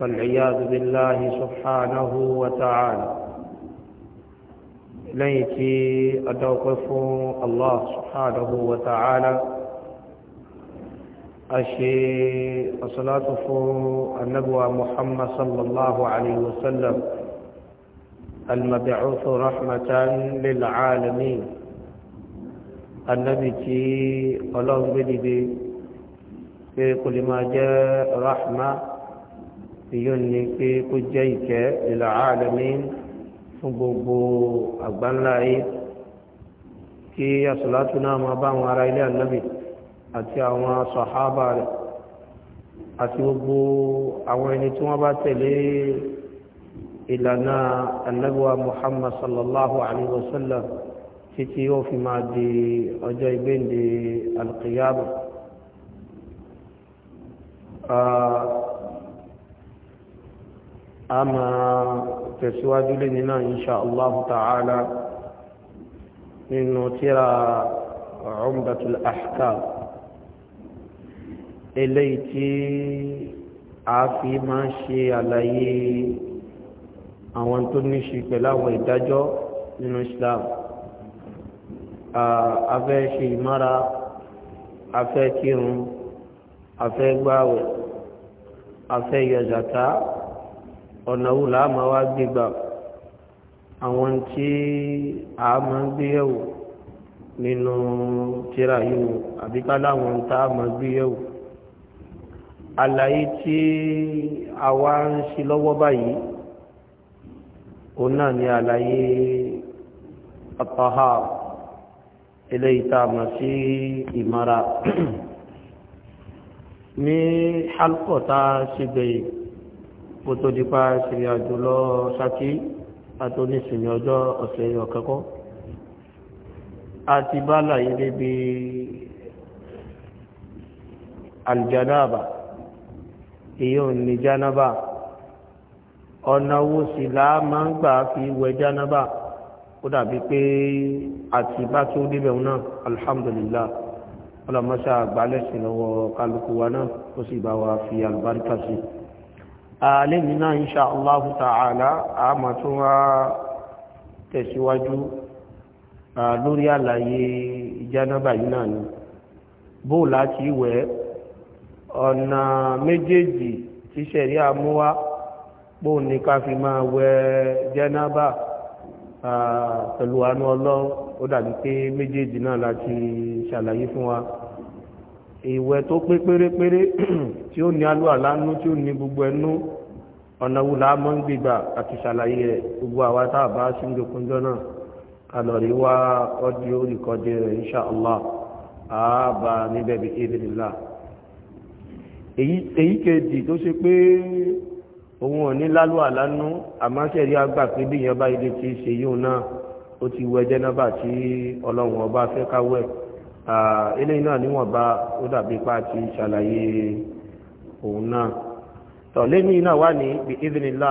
فالعياذ بالله سبحانه وتعالى ليك أتوقف الله سبحانه وتعالى أشي الصلاة النبوة محمد صلى الله عليه وسلم المبعوث رحمة للعالمين النبي تي الله بدي بي كل ما جاء رحمه èyí ni pé kó jẹ́ ìkẹ́ ìlà àlẹ́mí fún gbogbo àgbáńlá yìí kí asọ̀látù náà máa bá àwọn ará ilé ànábì àti àwọn sàhábà rẹ̀ àti gbogbo àwọn ẹni tí wọ́n bá tẹ̀lé ìlànà ànábìwá Muhammad sallallahu alayhi wa sallam títí yóò fi máa di ọjọ́ ìgbéǹde alqiyama a máa tẹ̀síwájú lè nínà insha Allah ta'ala nínú tíra Umdatul Ahkam eléyìí tí a fi máa ń ṣe àlàyé àwọn tó ní ṣe pẹ̀lú àwọn ìdájọ́ nínú Islam a fẹ́ ṣe ìmára a fẹ́ kírun a fẹ́ gbáwẹ̀ a fẹ́ yọ ọ̀nà wo là á máa wá gbégbà àwọn tí a máa ń gbé yẹ̀wò nínú tíra yìí àbí ká láwọn tá a máa gbé yẹ̀wò àlàyé tí a wá ń ṣe lọ́wọ́ báyìí òun náà ni àlàyé àtọ́há eléyìí tá a mọ̀ sí ìmọ̀ra ní hálùkọ̀ tá a ṣe gbẹ̀yìn kó tó di pa ìrìn àjò lọ Ṣakí àtòníṣìmí ọjọ́ ọ̀sẹ̀ ọ̀kẹ́kọ́ àti bá láyé débi aljanaba èyí ò ní janaba ọ̀nà wo sì láà máa ń gbà fi wẹ̀ janaba ó dàbí pé àti bá tó débẹ̀ náà alhamdulillah ọlọ́mọṣà àgbálẹ̀sìn lọ́wọ́ kálukú wa náà ó sì bá wa fi àlùbáríkà sí i lẹ́yìn náà insha Allah ta'ala a máa tún wá tẹ̀síwájú lórí àlàyé ìjánábà yìí náà ni bóò láti wẹ̀ ọ̀nà méjèèjì tí sẹ̀rí àmúwá bóò ní ká fi máa wẹ̀ jánábà pẹ̀lú àánú ọlọ́run ó dàbí pé méjèèjì náà láti ṣàlàyé fún wa ìwẹ̀ tó pé pérépéré tí ó ní alúàlá nú tí ó ní gbogbo ẹnú ọ̀nà wo la mọ́ ń gbégbà àti ṣàlàyé rẹ̀ gbogbo àwa tá a bá sí ní okunjọ́ náà kalọ̀rí wá ọdí oríkọdé rẹ̀ insha Allah àábà níbẹ̀ bí ìdílá èyí kejì tó ṣe pé òun ò ní lálù àlánú àmọ́ sẹ́rí àgbà pé bí ìyẹn bá ilé ti ṣe yóò náà ó ti wẹ jẹ́nàbà tí ọlọ́run ọba fẹ́ káwẹ́ eléyìí náà níwọ̀nba ó dàbí pa ti ṣàlàyé òun náà tọ̀lé ní iná wà ní ibi ìdínilá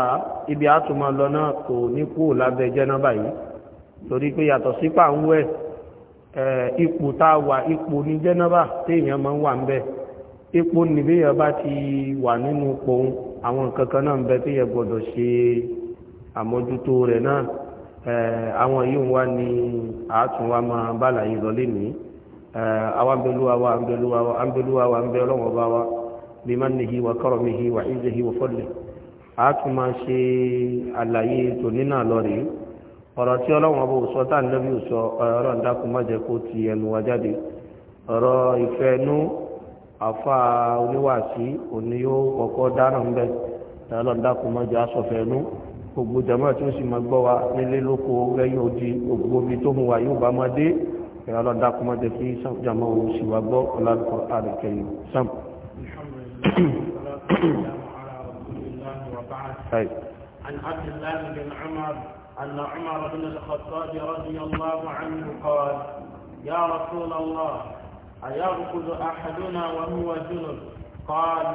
ibi àtúmọ̀ lọ náà kò ní kú lábẹ́ jẹ́nàbà yìí torí pé yàtọ̀ sí pàǹwẹ̀ ipò tá a wà ipò ní jẹ́nàbà téèyàn máa ń wà ń bẹ̀ ipò nìbéyàn bá ti wà nínú pohun àwọn nǹkan kan náà ń bẹ téèyàn gbọ́dọ̀ ṣe àmójútó rẹ̀ náà àwọn yìí wà ní àtúnwá máa bàlàyé lọ lé ní àwọn abẹ́lúwa wa abẹ́lúwa wa abẹ́lúwa wa abẹ́ ọlọ́wọ́ bá wa bímánìhí wà kọ́rọ̀mìhí wà ìzìhí wà fọ́lẹ̀ a tún máa ṣe àlàyé tò nínà lọ rí ọ̀rọ̀ tí ọlọ́wọ́n bó sọ tá nílẹ́bí sọ ọ̀rọ̀ ìdákun má jẹ́ kó ti ẹnu wa jáde ọ̀rọ̀ ìfẹ́nú àfa oníwàásí òní yóò kọ́kọ́ dáná ń bẹ ọ̀rọ̀ ìdákun má jẹ́ aṣọ̀fẹ́nú gbogbo jama tí ó sì máa gbọ́ wa nílé lóko lẹ́yìn odi gbogbo omi tó mú wa yóò bá máa dé ọ̀rọ̀ ìdákun má kí jama òun sì wá gbọ́ ọ̀làdùkọ̀ àdùkẹ́yìn sáà طيب. عن عبد الله بن عمر أن عمر بن الخطاب رضي الله عنه قال يا رسول الله أيركض أحدنا وهو جنب قال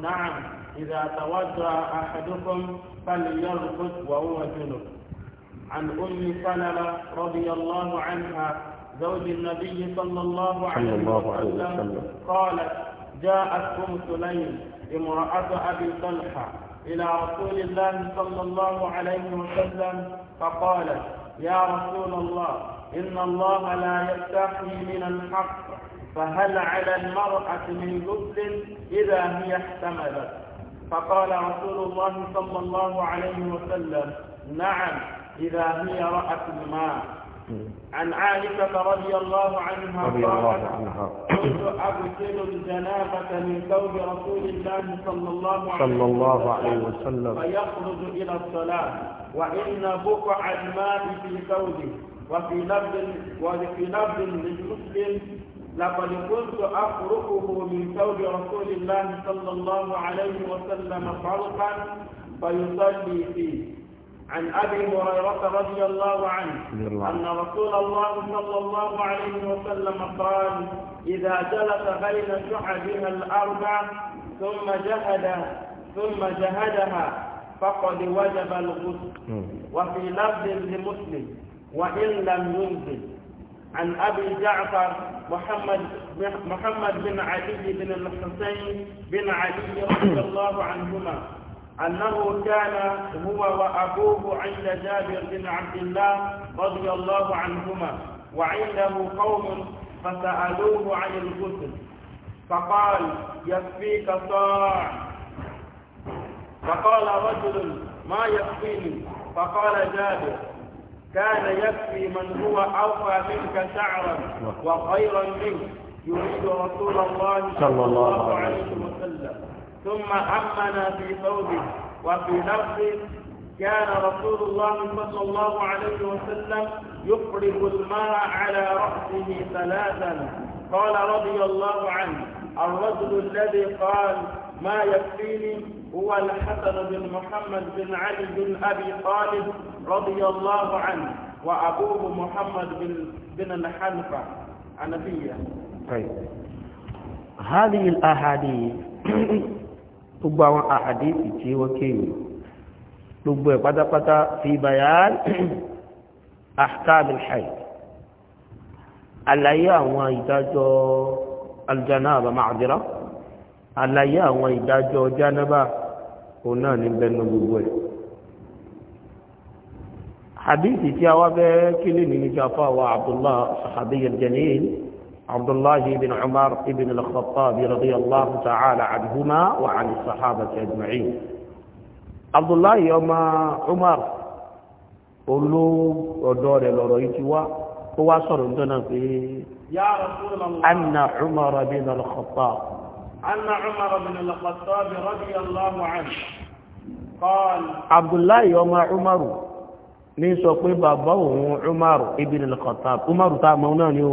نعم إذا توجه أحدكم فليركض وهو جنب عن أم سلمة رضي الله عنها زوج النبي صلى الله عليه وسلم قالت جاءت أم سليم امرأة أبي طلحة إلى رسول الله صلى الله عليه وسلم فقالت يا رسول الله إن الله لا يستحي من الحق فهل على المرأة من جبل إذا هي احتملت فقال رسول الله صلى الله عليه وسلم نعم إذا هي رأت الماء عن عائشة رضي الله عنها رضي الله عنها كنت أغسل الجنابة من ثوب رسول الله صلى الله عليه وسلم, صلى الله عليه وسلم فيخرج إلى الصلاة وإن بقع الماء في ثوبه وفي لفظ وفي لفظ لمسلم لقد كنت أخرقه من ثوب رسول الله صلى الله عليه وسلم فرقا فيصلي فيه عن أبي هريرة رضي الله عنه أن رسول الله صلى الله عليه وسلم قال إذا جلس بين شحبها الأربع ثم جهد ثم جهدها فقد وجب الغسل وفي لفظ لمسلم وإن لم ينزل عن أبي جعفر محمد محمد بن علي بن الحسين بن علي رضي الله عنهما أنه كان هو وأبوه عند جابر بن عبد الله رضي الله عنهما وعنده قوم فسألوه عن الغسل فقال يكفيك صاع فقال رجل ما يكفيني فقال جابر كان يكفي من هو أوفى منك شعرا وخيرا منك يريد رسول الله صلى الله عليه وسلم ثم عمنا في ثوبه وفي نفسه كان رسول الله صلى الله عليه وسلم يقرب الماء على رأسه ثلاثا قال رضي الله عنه الرجل الذي قال ما يكفيني هو الحسن بن محمد بن علي بن أبي طالب رضي الله عنه وأبوه محمد بن بن الحنفة النبي طيب هذه الأحاديث gbogbo àwọn àhàdíìsì tí wọ́n kéwì gbogbo ẹ̀ pátápátá fi bayan ahkamil hayd àlàyé àwọn ìdájọ́ aljanaba ma'adira àlàyé àwọn ìdájọ́ janaba òun náà ní bẹnu gbogbo ẹ̀ hadith tí a wá bẹ́ẹ̀ kílì ní níjàfà wa abdullah sahabi al عبد الله بن عمر بن الخطاب رضي الله تعالى عنهما وعن الصحابة أجمعين عبد الله يوم عمر قلوا ودور الرويتوا هو صار عندنا في يا رسول الله أن عمر بن الخطاب أن عمر بن الخطاب رضي الله عنه قال عبد الله يوم عمر ní sọ pé bàbá òun Umar ibn al-Khattab Umar tá a ni ó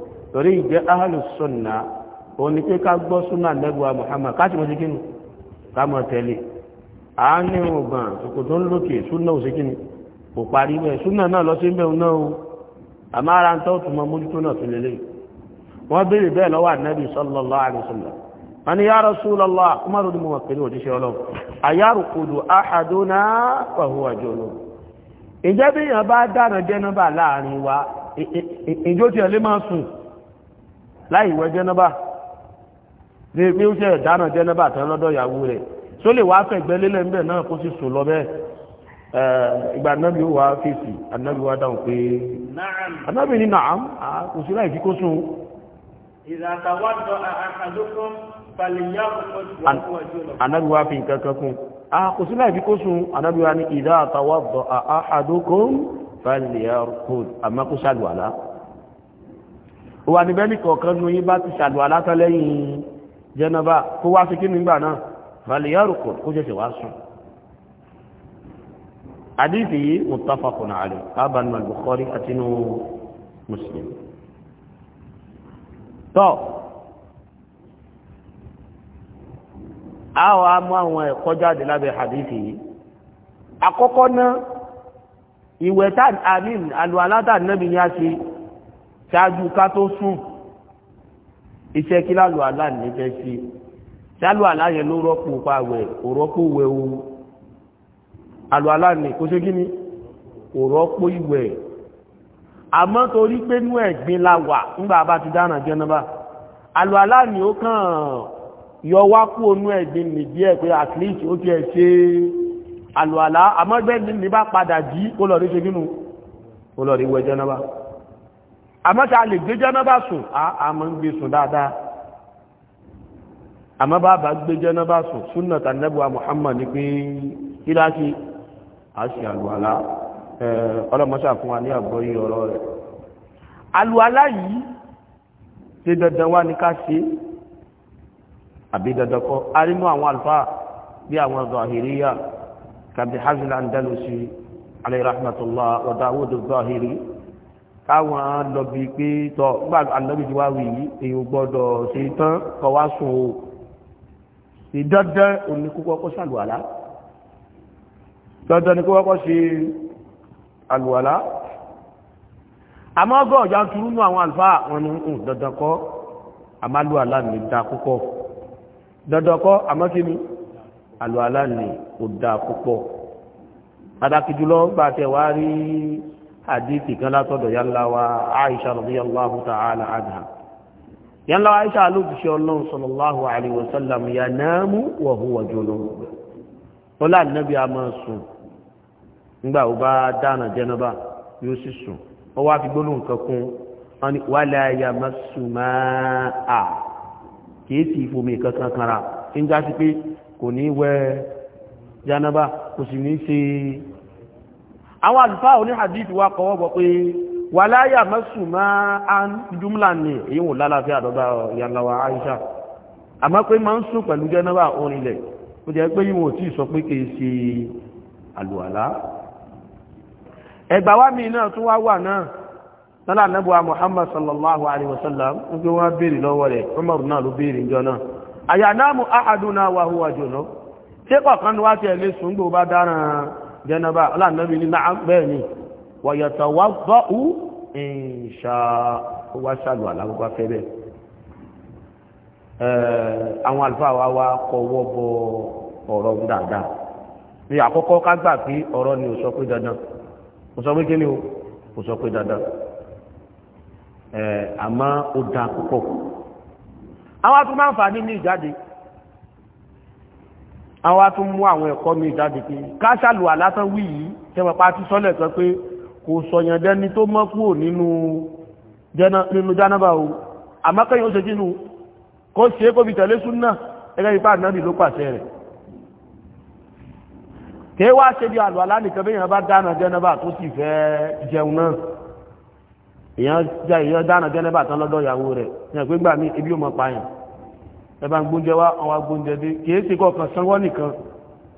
torí ìjẹ́ ahàlùsọ̀nà òní pé ká gbọ́ súnà lẹ́gbọ́ Muhammad káàkiri mọ́ sí kínú a ní ọgbọ̀n òkò tó ń lókè súnà òsìkínú kò parí bẹ́ẹ̀ súnà náà lọ sí bẹ́ẹ̀ náà o àmọ́ ara ń tọ́ tún mójútó náà fi lélẹ̀ wọ́n béèrè bẹ́ẹ̀ lọ́wọ́ ànábì Umaru láì wẹ̀ jẹ́nàbà ní pé ó ṣe ìdáná jẹ́nàbà tán lọ́dọ̀ ìyàwó rẹ̀ tó lè wá fẹ̀gbẹ́ lélẹ̀ ńbẹ̀ náà kó sì sùn lọ bẹ́ẹ̀ ìgbà anábì wà fèsì anábì wà dáhùn pé anábì ní nàám kò sí láì fi kó sùn. ìzàtàwádọ́ àkàdókòó anabi wa fi nkankan kun a kò sí láì fi kó sun anabi wa ni ìdá àtàwà àádókòó fàlìyàrkòó àmá kó ṣàlùwàlá ó wà níbẹ̀ nìkọ̀ọ̀kan nu yín bá ti ṣàdù alátọ́ lẹ́yìn jẹnaba kó wá sí kí nígbà náà fàlìyàrù kò kó ṣẹ̀ṣẹ̀ wá sùn àdìsí yìí muttafaqun alayh abanu al àti nu Muslim tọ́ a wá àwọn ẹ̀kọ́ jáde lábẹ́ àdìsí yìí àkọ́kọ́ náà ìwẹ̀ àmì àlùalátà náà bí a ṣe ṣáájú ká tó sùn iṣẹ́ kí lálù àlá nífẹ́ sí ṣáàlù àlá yẹn ló rọ́pò pàwẹ̀ kò rọ́pò wẹ̀ o àlù àlá ní kò ṣe kí ni kò rọ́pò ìwẹ̀ àmọ́ torí pé nú ẹ̀gbin la wà nígbà bá ti dáná jẹnaba àlù àlá ní ó kàn yọ wá kú onú ẹ̀gbin nìdí ẹ̀ pé at least ó ti ẹ̀ ṣe àlù àlá àmọ́ gbẹ́gbin ní bá padà jí kó lọ rí ṣe kí nu kó lọ rí wẹ̀ jẹnaba àmọ́ta lè gbé jẹ́nàbà sùn àmọ́ ń gbé sùn dáadáa àmọ́ bá bá gbé jẹ́nàbà sùn súnà tànẹ́bùwà Muhammad ní pé kíláàsì àṣì àlùwàlá ọlọ́mọṣà fún wa ní àgbọ́yé ọ̀rọ̀ rẹ̀ àlùwàlá yìí ṣe dandan wá ní ká ṣe àbí dandan kọ́ arínú àwọn àlùfáà bí àwọn zahiriya kàbí hazil andalusi alayhi rahmatullah wa dawud zahiri káwọn lọ́bi pé tọ́ nígbà ànábì ti wá wì yí èyàn gbọ́dọ̀ ṣe tán kọ́ wá sùn o ìdọ́dán òní kókó kó ṣàlùwàlá dandan ni kó kọ́kọ́ ṣe àlùwàlá àmọ́ ọgọ́ ọ̀já turú nú àwọn àlùfáà wọn ni ń dandan kọ́ àmàlùwàlá ní da púpọ̀ dandan kọ́ àmọ́ kí ni àlùwàlá ní kò da púpọ̀ pàtàkì jùlọ gbàtẹ̀ wá rí hadithi kan látọ̀dọ̀ yánláwà aisha radiyallahu ta'ala anha yánláwà aisha alóòfíṣẹ́ ọlọ́run sallallahu alaihi wasallam ya náàmú wa huwa junub ó láàrínàbí a máa sùn nígbà ó bá dáná jẹnaba yóò sì sùn ó wá fi gbólóhùn kan kún wọn ni wala yamassu ma'a kìí sì fomi kankan ń já sí pé kò ní wẹ̀ jánaba kò sì ní ṣe àwọn àlùfáà oní hadith wa kọ́wọ́ bọ̀ pé wà láyà mẹ́sùn máa ń ní èyí wò Aisha àmọ́ pé máa ń sùn pẹ̀lú jẹ́nàbà orinlẹ̀ ó jẹ́ pé yíwọ̀n tí sọ pé kìí ṣe àlùwàlá ẹgbà wá mi náà tún wá wà náà Muhammad sallallahu alaihi wasallam huwa jẹ́nàbà aláàmẹ́bí ní náà ni wọ̀yẹ̀tọ̀ wá bọ́ ú ìṣà wá àwọn wa wá kọwọ́ bọ ọ̀rọ̀ dáadáa ní àkọ́kọ́ ká gbà ọ̀rọ̀ ni ò sọ pé dandan ò sọ pé kí o dada. da àwọn atún mú àwọn ẹ̀kọ́ mi ìjáde pé káṣàlù àlásán wí yìí tẹ́wọ̀pá tí sọ́lẹ̀ kan pé kò sọ̀yàn dẹni tó mọ́ kúrò nínú jánábà o àmọ́kẹ́yìn ó ṣe jínú kó ṣe é kó fi tẹ̀lé súnà ẹgbẹ́ ipá náà ló pàṣẹ rẹ̀ kí wá ṣe bí àlù àlá nìkan bí èèyàn bá dáná jánábà tó sì fẹ́ jẹun náà èèyàn dáná jánábà tán lọ́dọ̀ ìyàwó rẹ̀ ẹ̀bá ń gbóúnjẹ wá àwọn agbóúnjẹ dé kìí ṣe kọ́ọ̀kan sanwọ́ nìkan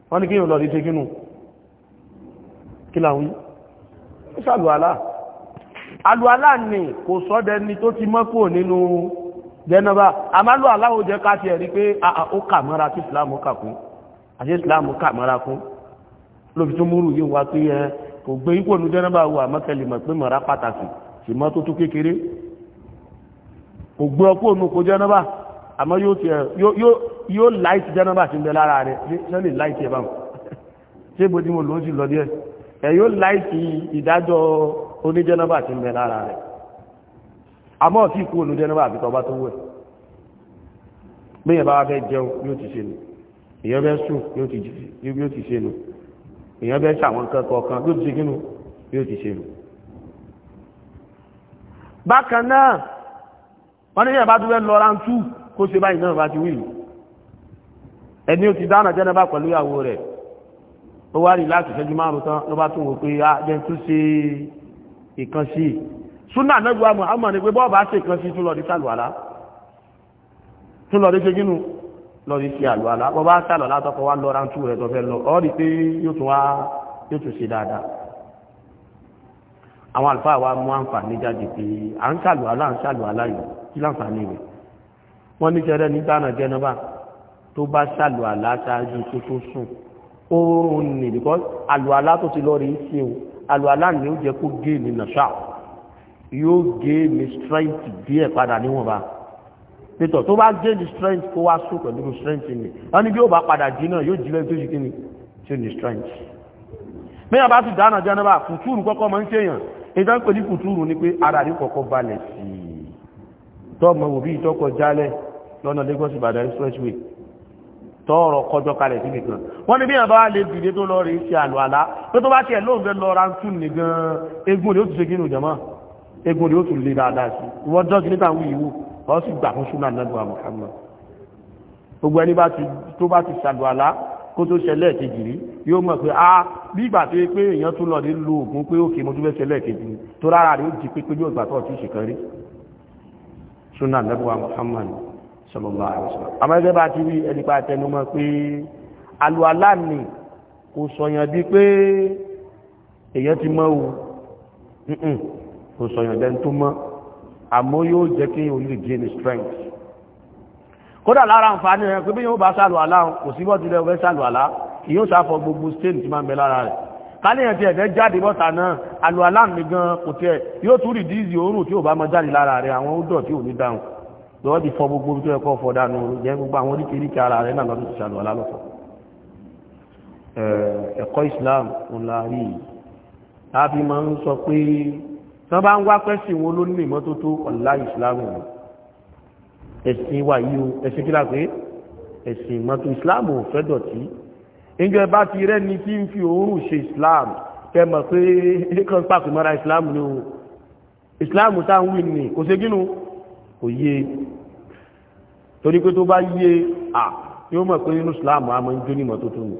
wọ́n ní kí yóò lọ rí ṣe gínú kí láwí ó ṣàlùwàlá alùwàlá ni kò sọ́dẹ ni tó ti mọ́kù nínú jẹnaba àmàlùwàlá ó jẹ́ káti ẹ̀rí pé ó kà mọ́ra tí ìsìláàmù kà kún àti ìsìláàmù kà mọ́ra kún lóbi tó múrù yìí wá pé ẹ kò gbé àmọ́ yóò ti yóò láìtì jẹ́nàbà ti ń bẹ lára rẹ̀ ṣe lè láìtì ẹ̀bá ṣe bó tí mo lò ó sì lọ díẹ̀ ẹ̀ yóò láìtì ìdájọ́ oníjẹ́nàbà ti ń bẹ lára rẹ̀ àmọ́ tí kú olú jẹ́nàbà àbí tọba tó wẹ̀ bẹ́yẹ̀ bá fẹ́ jẹun yóò ti ṣe nù èyàn bẹ́ sùn yóò ti ṣe nù èyàn bẹ́ ṣàwọn kọ̀ọ̀kan yóò ti ṣe kínú yóò ti ṣe nù bákan náà wọ́n ní ìyàbá tó fẹ́ lọ́ra kó se báyìí náà bá ti wíìlì ẹni ó ti dáná jẹ́nẹ́bà pẹ̀lú ìyàwó rẹ̀ ó wá rí láti ṣẹ́jú márùn tán ló bá tún wò pé a jẹ́ tún ṣe ìkan sí i súnà náà ju àmọ́ àmọ́ ni pé bọ́ọ̀ bá ṣe ìkan sí tún lọ rí sàlùwàlá tún lọ rí ṣe gínú lọ rí ṣe àlùwàlá bọ́ bá sàlùwàlá tọkọ wá lọ rántú rẹ̀ tó fẹ́ lọ ọ́ rí pé yóò tún wá yóò tún ṣe dáadáa àwọn àlùfáà wọ́n ní jẹ́rẹ́ nígbàna jẹ́nàbà tó bá ṣàlù àlátájú tó tó sùn oorun nì bíkọ́ àlù àlá tó ti lọ rí sí o àlù àlá ni ó jẹ́ kó gé ní nàṣà yóò gé ní strength díẹ̀ padà níwọ̀nba pétọ̀ tó bá gé ní strength kó wá sùn pẹ̀lú strength ni wọ́n ní bí ó bá padà jí náà yóò jí lẹ́yìn tó ṣe kí ni tí ó ní strength mẹ́yà bá ti dáná jẹ́nàbà kùtùrù kọ́kọ́ máa ń ṣèyàn ìdá ń pè ní kùtùrù ni pé ara rí kọ̀kọ́ balẹ̀ sí i tọ́mọ òbí ìtọ́kọ̀ jálẹ̀ lọ́nà Lagos Ìbàdàn expressway tọ́ọ̀rọ̀ kọjọ́ kalẹ̀ sí nìkan wọ́n ní bí yàn bá lè dìde tó lọ rí ṣe àlọ́ àlá tó tó bá tiẹ̀ lóun fẹ́ lọ ra ń tún ní gan egun ni ó tún ṣe kí nù jẹ́mọ́ egun ni ó tún lè dáadáa sí wọ́n dọ́jú níta wí ìwú ọ sì gbà fún súnà nàgbà Muhammad gbogbo ẹni tó bá ti ṣàlọ́ àlá kó tó ṣẹlẹ̀ kejì rí yóò mọ̀ pé a ah, bí ìgbà tó yẹ pé èèyàn tún lọ ní lo òògùn pé òkè mo tún fẹ́ ṣẹlẹ̀ kejì tó rárá rí ó di pé pé yóò gbà tó ọtí ṣèkan rí súnà nàgbà Muhammad sọlọ́lá àìsàn àmọ́gẹ́ bá ti rí ẹnipa àtẹnumọ́ pé alùwàlá ni kò sọ̀yàn bí pé èyàn ti strength kódà lára àǹfààní rẹ̀ pé bí yóò bá sàlùwàlá kò sí bọ́ tilẹ̀ ọ̀fẹ́ sàlùwàlá yóò sáfọ gbogbo stain ti máa ń bẹ lára rẹ̀ káníyàn ti ẹ̀fẹ́ jáde bọ́ta náà alùwàlá mi gan kò tiẹ̀ yóò tún rìdíìsì òórùn tí ò bá mọ jáde lára rẹ̀ àwọn ó dọ̀ tí ò ní dáhùn lọ́wọ́ ti fọ gbogbo tó ẹ̀kọ́ fọ dànù jẹ́ gbogbo àwọn oríkèríkè ara rẹ̀ náà lọ́dún ti ṣàlùwàlá lọ́fọ̀ ẹ̀kọ́ Islam ńlá rí i láti máa ń sọ pé tán bá ń wá pẹ́sìn wọn ló nílò ìmọ́tótó ọ̀la Islam ẹ̀sìn wa yìí o ẹ̀sìn kílà pé ẹ̀sìn ìmọ́tò Islam ò fẹ́ dọ̀tí ìjọ ẹ bá ti rẹ́ni tí ń fi òórùn ṣe Islam kẹ́ mọ̀ pé ẹ̀kan pàpẹ́ mọ́ra Islam ni o Islam táwọn wí ni kò ṣe gínú kò yé torí pé tó bá yé à yóò mọ̀ pé nínú Islam a máa ń jó nímọ̀ tó tún nù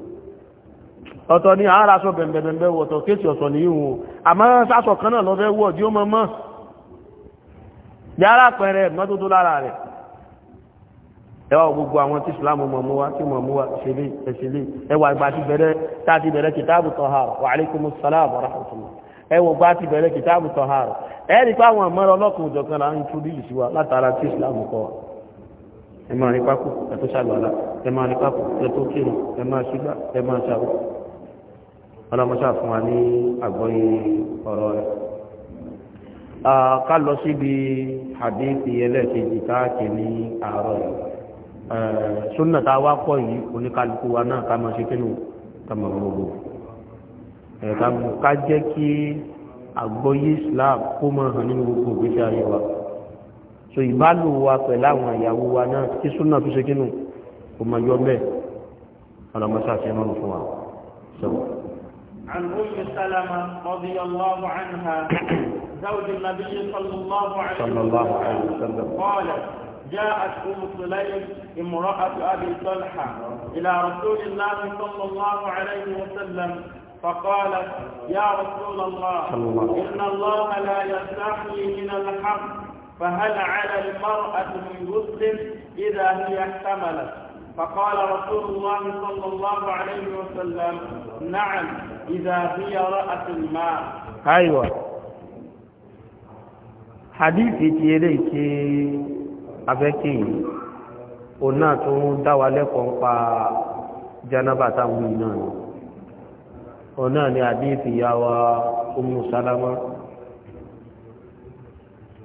ọ̀tọ̀ ni a ra aṣọ bẹ̀m̀bẹ̀m̀bẹ̀ wọ̀tọ̀ kéèsì ọ̀sọ̀ ní ìhun àmọ́ sásọ kan náà lọ́fẹ́ wọ̀ tí ó mọ̀ mọ́ yàrá pẹ̀rẹ̀ mọ́tótó lára rẹ̀ ẹwà gbogbo àwọn tí ìsìláàmù mọ̀ mú wa tí mọ̀ mú wa ṣẹlẹ̀ ẹwà ìgbà tí bẹ̀rẹ̀ tá a ti bẹ̀rẹ̀ kìtàbù tọ́hà wa alaikumus salam wa rahmatullah ẹwọ bá ti bẹ̀rẹ̀ kìtàbù tọ̀hárù ẹ̀rí páwọn àmọ́rọ̀ ọlọ́kùn ìjọkan la ń túrí ìṣíwá látara tí islam kọ́ ẹ máa rí pápò ẹ̀tọ́ ṣàlùwàlá ẹ máa rí pápò ẹ̀tọ́ kírù ẹ máa ṣúgbà ẹ máa ṣàwọ̀ ọlọ́mọṣà fún wa ní àgbọ́yé ọ̀rọ̀ rẹ̀ ká lọ síbi hadithi ẹlẹ́ẹ̀kejì káàkiri ní àárọ̀ rẹ̀ súnà tá a wá pọ̀ yìí oníkálukú wa náà ká máa ṣe kínú ká gbogbo ẹ̀ka ká jẹ́ kí àgbọ́yé Islam kó mọ̀ hàn nínú gbogbo ìgbésí ayé wa so ìbálò wa pẹ̀lú àwọn ìyàwó wa náà tí súnà tó ṣe kínú kò mọ̀ yọ bẹ́ẹ̀ ọlọ́mọṣà ṣe mọ́nu fún wa الله صلى الله عليه وسلم, صلى الله عليه وسلم. قالت جاءت أم سليم امرأة أبي طلحة إلى رسول الله صلى الله عليه وسلم فقالت يا رسول الله إن الله لا يستحيي من الحق فهل على المرأة من غسل إذا هي احتملت فقال رسول الله صلى الله عليه وسلم نعم إذا هي رأت الماء أيوة hadithi ti eléyìí tí afẹ́kì yìí òun náà pa janaba táwọn yìí náà ọ̀nà ni àdíìtì yàwà umu Salama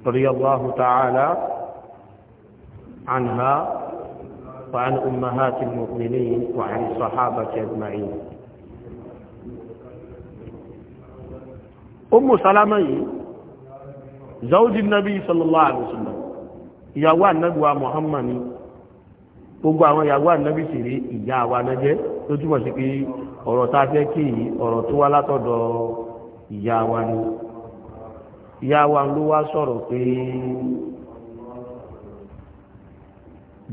radiyallahu ta'ala anha wa an ummahati al-mu'minin wa an sahabati ajma'in umu Salama yìí zawji nabi sallallahu alaihi wasallam ìyàwó annabi wa Muhammad gbogbo àwọn ìyàwó annabi sì rí ìyá wa náà tó túbọ̀ sí pé ọ̀rọ̀ tá a fẹ́ kí yìí ọ̀rọ̀ tó wá látọ̀dọ̀ ìyá wa ni ìyá wa ló wá sọ̀rọ̀ pé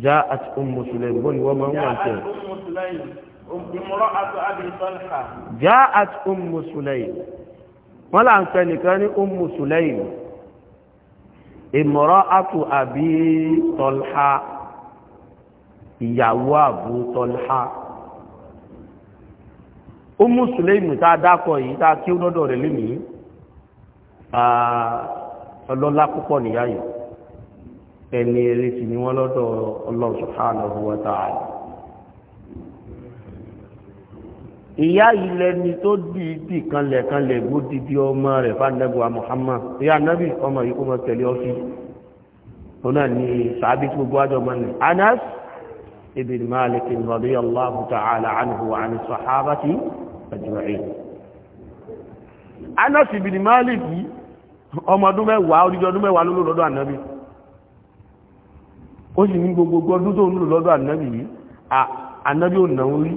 já àti Ummu Sulaym bó ni wọ́n máa ń wà tẹ̀. já àti Ummu Sulaym wọ́n là ń pẹ́ nìkan ní Ummu Sulaym ìmọ̀rọ̀ àtò àbí Talha ìyàwó àbú Talha. Ummu Sulaym tá a dákọ̀ yìí tá a kí ó lọ́dọ̀ rẹ̀ lénìí ọlọ́lá púpọ̀ nìyá yìí ẹni eré sì ni wọ́n lọ́dọ̀ Allah subhanahu wa ta'ala ìyá yìí lẹni tó dìídì kanlẹ̀kanlẹ̀ gbódìdí ọmọ rẹ̀ gbogbo àjọ mọ́ Anas ibn Malik radiyallahu ta'ala anhu wa an sahabati ajma'in Anas ibn Malik ọmọ ọdún mẹ́wàá orí ọdún mẹ́wàá ló lò lọ́dọ̀ ànábì ó sì ní gbogbo ọdún tó ń lò lọ́dọ̀ ànábì yìí ànábì ò náà rí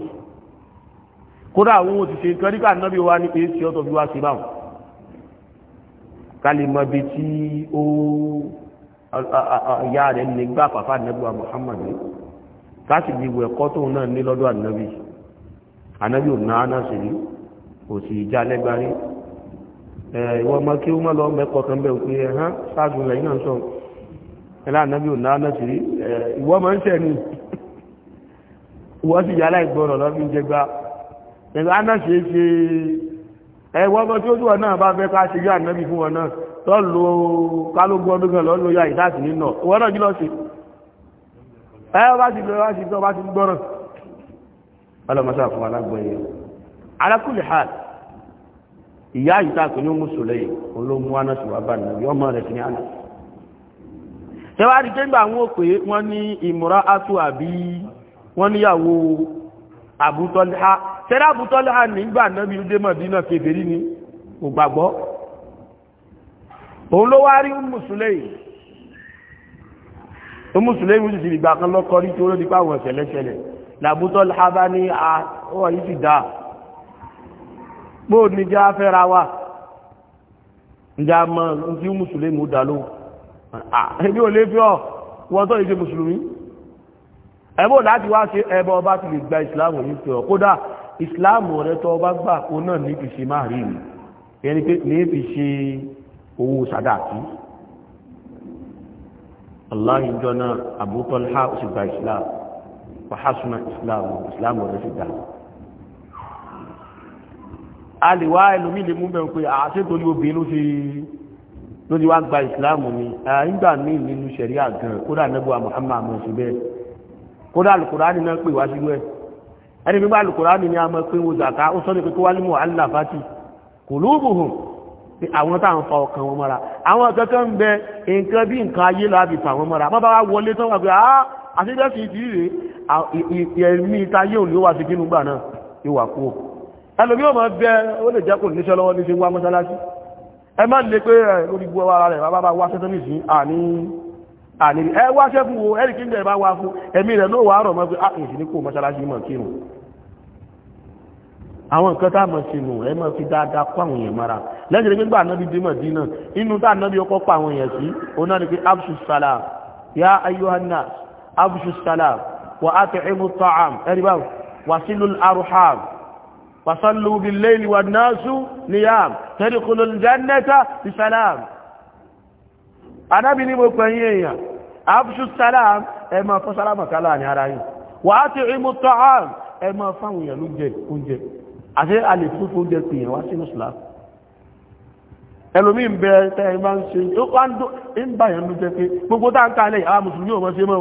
kódà àwọn òtìṣe nǹkan nípa ànábì wa ní pé sí ọ̀tọ̀ bí wá sí báwọn ká lè mọ ibi tí ó ìyá rẹ̀ nígbà pàpà ànábì wa Muhammad ká sì gbogbo ẹ̀kọ́ tóun náà ní lọ́dọ̀ ànábì yìí anábì ò náà náà sì rí kò sì já lẹ́gbàrí ìwọ ọmọ kí ó mọ́ lọ mẹ́kọ̀ọ́ kan bẹ́ẹ̀ pé ẹ̀hán ṣáàjú rẹ̀ náà sọ ẹlá anábì ò náà náà sì rí ìwọ ọmọ ń ṣẹ̀ ni ìwọ sì já láìgbọ́rọ̀ lọ́fí jẹgba ẹ̀gbá náà ṣe é ṣe bá fẹ́ ká ya ìdáàsì nínà ìwọ náà jí lọ sí ẹ ọlọ́mọsá fún alágbóyè alákùnlé ha ìyá ìta kò ní mùsùlẹ̀ òun ló mú aná síwá bá nà yọmọ rẹ̀ sí ní aná tẹwàá dìgbà àwọn òpè wọ́n ní ìmúra átù àbí wọ́n níyàwó àbútọ́lá tẹ́lá àbútọ́lá nígbà náàbí ó dé Mádínà kèfèrí ni kò gbàgbọ́ òun ló wá rí ìgbà kan lọ́kọ́ rí tí ó ló pàwọn ṣẹlẹ̀ṣẹlẹ̀ làbútọ́ lábá ní àwọ̀ yìí ti dáa gbóòdì jẹ́ afẹ́ra wa ǹjẹ́ a mọ̀ tí mùsùlùmí dá ló ẹbí ò lè fi ọ́ wọ́n tó ìṣe mùsùlùmí ẹbọ́ láti wá ṣe ẹbọ ọba ti lè gba ìsìláàmù yìí fi ọ́ kódà ìsìláàmù rẹ tó ọba gbà kó náà ní fi ṣe máa rí mi ẹni pé ní fi ṣe owó sàdáàkì aláìjọ náà Abu Talha ó sì gba ìsìláàmù fàhásùnà ìsìláàmù ìsìláàmù rẹ̀ sì dáa a lè wá ẹlòmí lè mú bẹ̀rù pé àṣètò ah, ní obìnrin ló ti ló ti wá gba ìsìláàmù ni nígbà míì nínú ṣẹ̀ríà gan kódà nẹ́gbọ́ àmọ́hámà àmọ́ sí bẹ́ẹ̀ kódà alùkùránì náà pè wá sí wẹ́ ẹni gbígbà alùkùránì ni a mọ̀ pé wo zàká ó sọ́ni pé kó wá límọ̀ aláfàtì kò lóòbùhùn pé àwọn táwọn fa ọkàn wọn mọ́ra àwọn kankan ń bẹ nǹkan bí nǹkan ayé láàbì fà wọn mọ́ra mọ́ bá wá wọlé tán wà pé ah àṣíjẹ́sì ìdí rẹ̀ ẹ̀mí ìtayé òní ó wà sí kínú gbà náà yóò wà kú ẹlòmí ò máa bẹ́ ó lè jẹ́ kò níṣẹ́ lọ́wọ́ ní ṣe wá mọ́sálásí ẹ má lè pé lórí gbọ́ ara rẹ̀ bá bá wáṣẹ́ tó nìsí àní àní ẹ wáṣẹ́ fún wo ẹ̀rì kí ń bá wá fún ẹ̀mí rẹ̀ ló wà rọ̀ mọ́ pé a ah, kì í sí ní kò mọ́sálásí mọ̀ kírun àwọn nǹkan tá a mọ̀ sí nù ẹ mọ̀ fi dáadáa kó àwọn èèyàn mara lẹ́yìn nígbà anábì dé Mádínà inú tá anábì ọkọ̀ pa àwọn èèyàn sí onáà pé absus salam ya ayyuhan abṣu salam wa at'imu ta'am ẹ̀rìbá wasilul arham wasallu bil layli wan nasu niyam tadkhulul jannata bi salam anábi ní mo pẹ̀yìn èèyàn abṣu salam ẹ máa fọ́ sálámà kálá ní ara yìí wa at'imu ta'am ẹ máa fáwọn èèyàn ló jẹ oúnjẹ àti alè fún oúnjẹ pèèyàn wá sí mùsùlùmí ẹlòmí ń bẹ tẹ́ ẹ ń ṣe ó wá ń báyàn ló jẹ pé gbogbo táǹkà lẹ́yìn àwọn mùsùlùmí ò mọ́ sí mọ́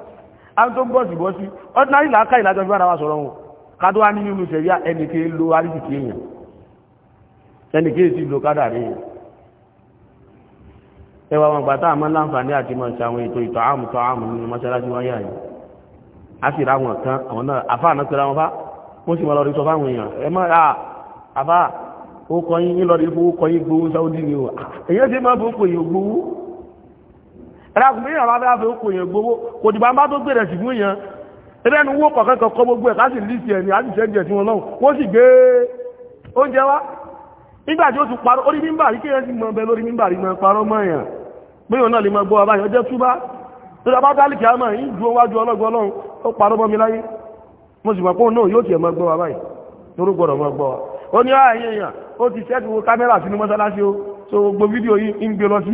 a tó gbọ́sì gbọ́sì ordinary làákà ìlàjọ ìbára wa sọ̀rọ̀ wọn kádó wá ní nínú ìṣẹ̀rí ẹnìké lo arísìkí èèyàn ẹnìké sì lo kádà rí èèyàn ẹwà wọn gbàtà àmọ́ láǹfààní àti mọ̀ ṣe àwọn ètò ìtọ̀ àmù tọ̀ àmù nínú mọ́ṣáláṣí wọn yà yìí a sì ra wọn kan àwọn náà àfa àná pẹ̀lú àwọn bá wọ́n sì mọ̀ lọ́rí sọ fáwọn èèyàn ẹ mọ́ àfa ó kọyín ń lọ́rí fún ó kọyín gbowó sáwọ́dí ni ó èyí ti máa fún pé yóò gbowó ẹ̀lákùnrin àwọn abẹ́láfẹ́ ó kò yẹn gbowó kò dìbà bá tó gbèrè sí fún yẹn ẹbẹ́nu wó kọ̀kẹ́kọ̀ kọ gbogbo ẹ̀ láti lè ṣe ẹ̀ni àti ṣẹ́jẹ̀ tí wọ́n náà wọ́n sì gbé oúnjẹ wá nígbà tí ó ti parọ́ orí mímbà rí kéèyàn ti mọ ọbẹ̀ lórí mímbà rí máa parọ́ mọ́ èèyàn méyàn náà lè máa gbọ́ abáyọ jẹ́ túbá tó dábá dálìkì àmọ́ yìí ju wájú ọlọ́gbọ́ ọlọ́run ó parọ́ mọ́ mi láyé mo sì mọ̀ pé òun náà yóò tiẹ̀ máa gbọ́ abáyì lórí gbọ́dọ̀ máa gbọ́ ó ní ààyè èèyàn ó ti ṣẹ́kù kámẹ́rà sínú mọ́sálásí ó so gbogbo fídíò yìí ń gbé lọ sí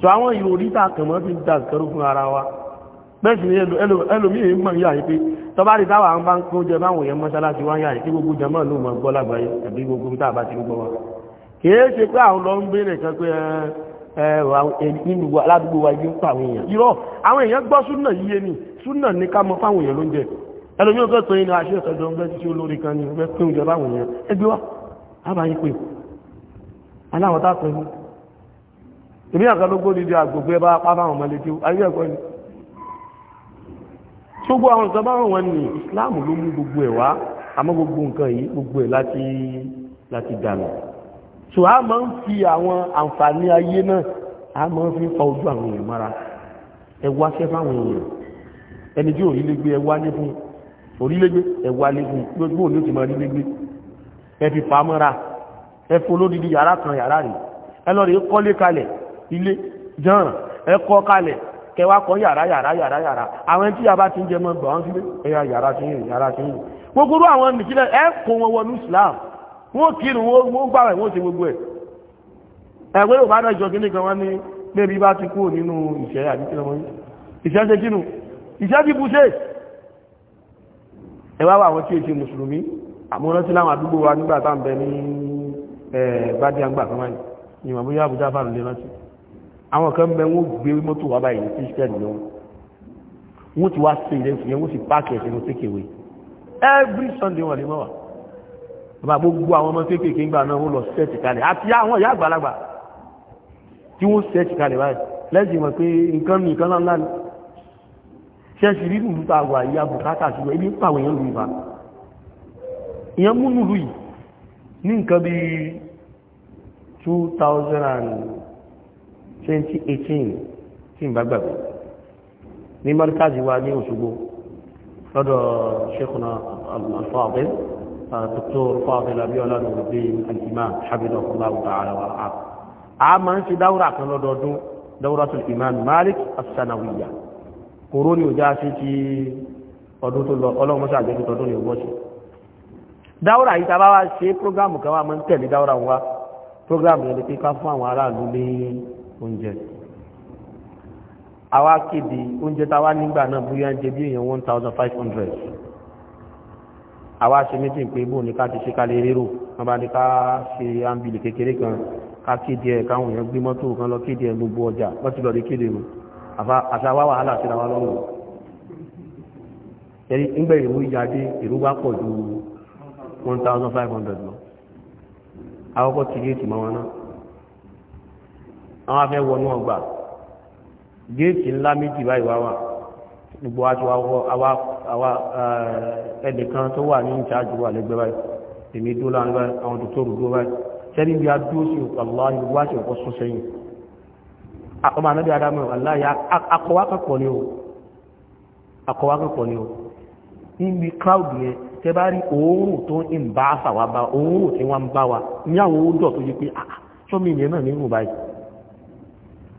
so àwọn ìwò oríta kànmọ́ ti ń da ìkẹrù fún ara wa bẹ́ẹ̀sì ni ẹlòmíì mọ̀ yà yìí pé tọba rí táwà ń bá ń kó jẹ báwọn èèyàn mọ́sálásí wá yà yìí kí gbogbo jẹmọ́ ló mọ̀ gbọ́ lágbàáyé àbí gbogbo tá a bá ti gbọ́ wa pé àwọn pẹ̀lú ìbí àgbàlógún níbi àgbègbè bá pápá àwọn ọmọlẹ́jọ́ ayé ẹ̀kọ́ ni gbogbo àwọn nǹkan bá wọn ni Islam ló mú gbogbo ẹ̀ wá àmọ́ gbogbo nǹkan yìí gbogbo ẹ̀ láti láti dànù so a máa ń fi àwọn àǹfààní ayé náà a máa ń fi fa ojú àwọn èèyàn mọ́ra ẹ wá sẹ́ fáwọn èèyàn ẹni tí òrílégbé ẹ wá ní fún òrílégbé ẹ wá ní fún gbogbo òní ti máa rílégbé ẹ fi fa ẹ fún olódìdí yàrá kan yàrá rẹ̀ ẹ lọ ilé jàn ẹ̀kọ́ kalẹ̀ kẹwàá kọ yàrá yàrá yàrá yàrá àwọn ẹni tí yàrá ti ń jẹ mọ́ gbọ́n sílé ẹ̀yà yàrá ti ń rìn yàrá ti ń rìn gbogbo rú àwọn nìkílẹ̀ ẹ kó wọn wọnú Islam wọn kírun wọn gbàwẹ̀ wọn ṣe gbogbo ẹ̀ ẹ̀wẹ́ yóò bá náà jọ kíní kan wọ́n ní bébí bá ti kúrò nínú ìṣẹ́ àbí kí ìṣẹ́ ṣe kínú ìṣẹ́ ti bu ṣe ẹwà wà àwọn tí èsì mùsùlùmí àmúrán sí láwọn àdúgbò wa nígbà tá ń bẹ ní ẹ̀ẹ́dàgbà kan wáyé ìmọ̀ bóyá Àbújá fàrùn rántí àwọn kan bẹ wọn gbé mọ́tò wá báyìí christian ni wọn wọn ti wá sí ilé ìfìyẹn wọn sì páàkì ẹsẹ̀ wọn take away every sunday wọn lè mọ wa bàbá gbogbo àwọn ọmọ kéékèèké ńgbà náà wọn lọ sẹẹtì kalẹ̀ àti àwọn ìyá àgbàlagbà tí wọn sẹẹtì kalẹ̀ báyìí lẹ́sìn mọ̀ pé nǹkan mi nǹkan ńláńlá ni ṣẹ́ẹ̀sì rírù ló ta wà ìyá bùkátà ṣùgbọ́n ibi ń pàwọn èèyàn lù ìbá ìyẹn múnú lù yìí ní nǹkan bíi two thousand and 2018 tí n bá gbàgbé ní mọ́ríkàzì wa ní Òṣogbo lọ́dọ̀ ṣekùnà alfáàbẹ́ Dr. Fadil Abíọ́lá nùgbé al-Imam habibullah ta'ala wa ra'a a máa ń ṣe dáwúrà kan lọ́dọọdún Dawratul Imam Malik as-Sanawiyya kòró ni òjá sí ti ọdún tó lọ ọlọ́mọṣẹ́ àjẹ́jú tọdún ní ọgbọ́sí dáwúrà yìí tàbá wá ṣe prógámù kan wá máa tẹ̀lé dáwúrà wa prógámù yẹn fún àwọn aráàlú ní oúnjẹ àwa kéde oúnjẹ táwa nígbà náà bóyá ya jẹ bí èèyàn one thousand five hundred àwa ṣe mítìn pé bóun ní ká ti ṣe ká lè rérò bá ní ká ṣe ámbìlì kan ká kéde káwọn èèyàn gbé mọ́tò kan lọ kéde ẹ gbogbo ọjà wọ́n kéde wàhálà ìyáde ìrú pọ̀ ju àwọn afẹ́ wọnú ọgbà géètì ńlá méjì báyìí wá wà gbogbo àti àwa eh, ẹnìkan tó wà ní ìjáàjú wà lẹ́gbẹ́ báyìí èmi dúró láàrin báyìí àwọn tòtòrò dúró báyìí sẹ́ni bí a dúró sí ọ̀pọ̀lọ́ ìwá sí ọ̀pọ̀ sún sẹ́yìn ọmọ anábì adamu aláyà akọwákọ̀pọ̀ ni o akọwákọ̀pọ̀ ni o níbi cloud yẹn tẹ bá rí òórùn tó ń bá àṣà wa bá òórùn tí wọ́n ń bá wa ní àwọn oúnjẹ tó yẹ pé sọ́mi ah, ah, ìyẹn náà ní ìrùn báyìí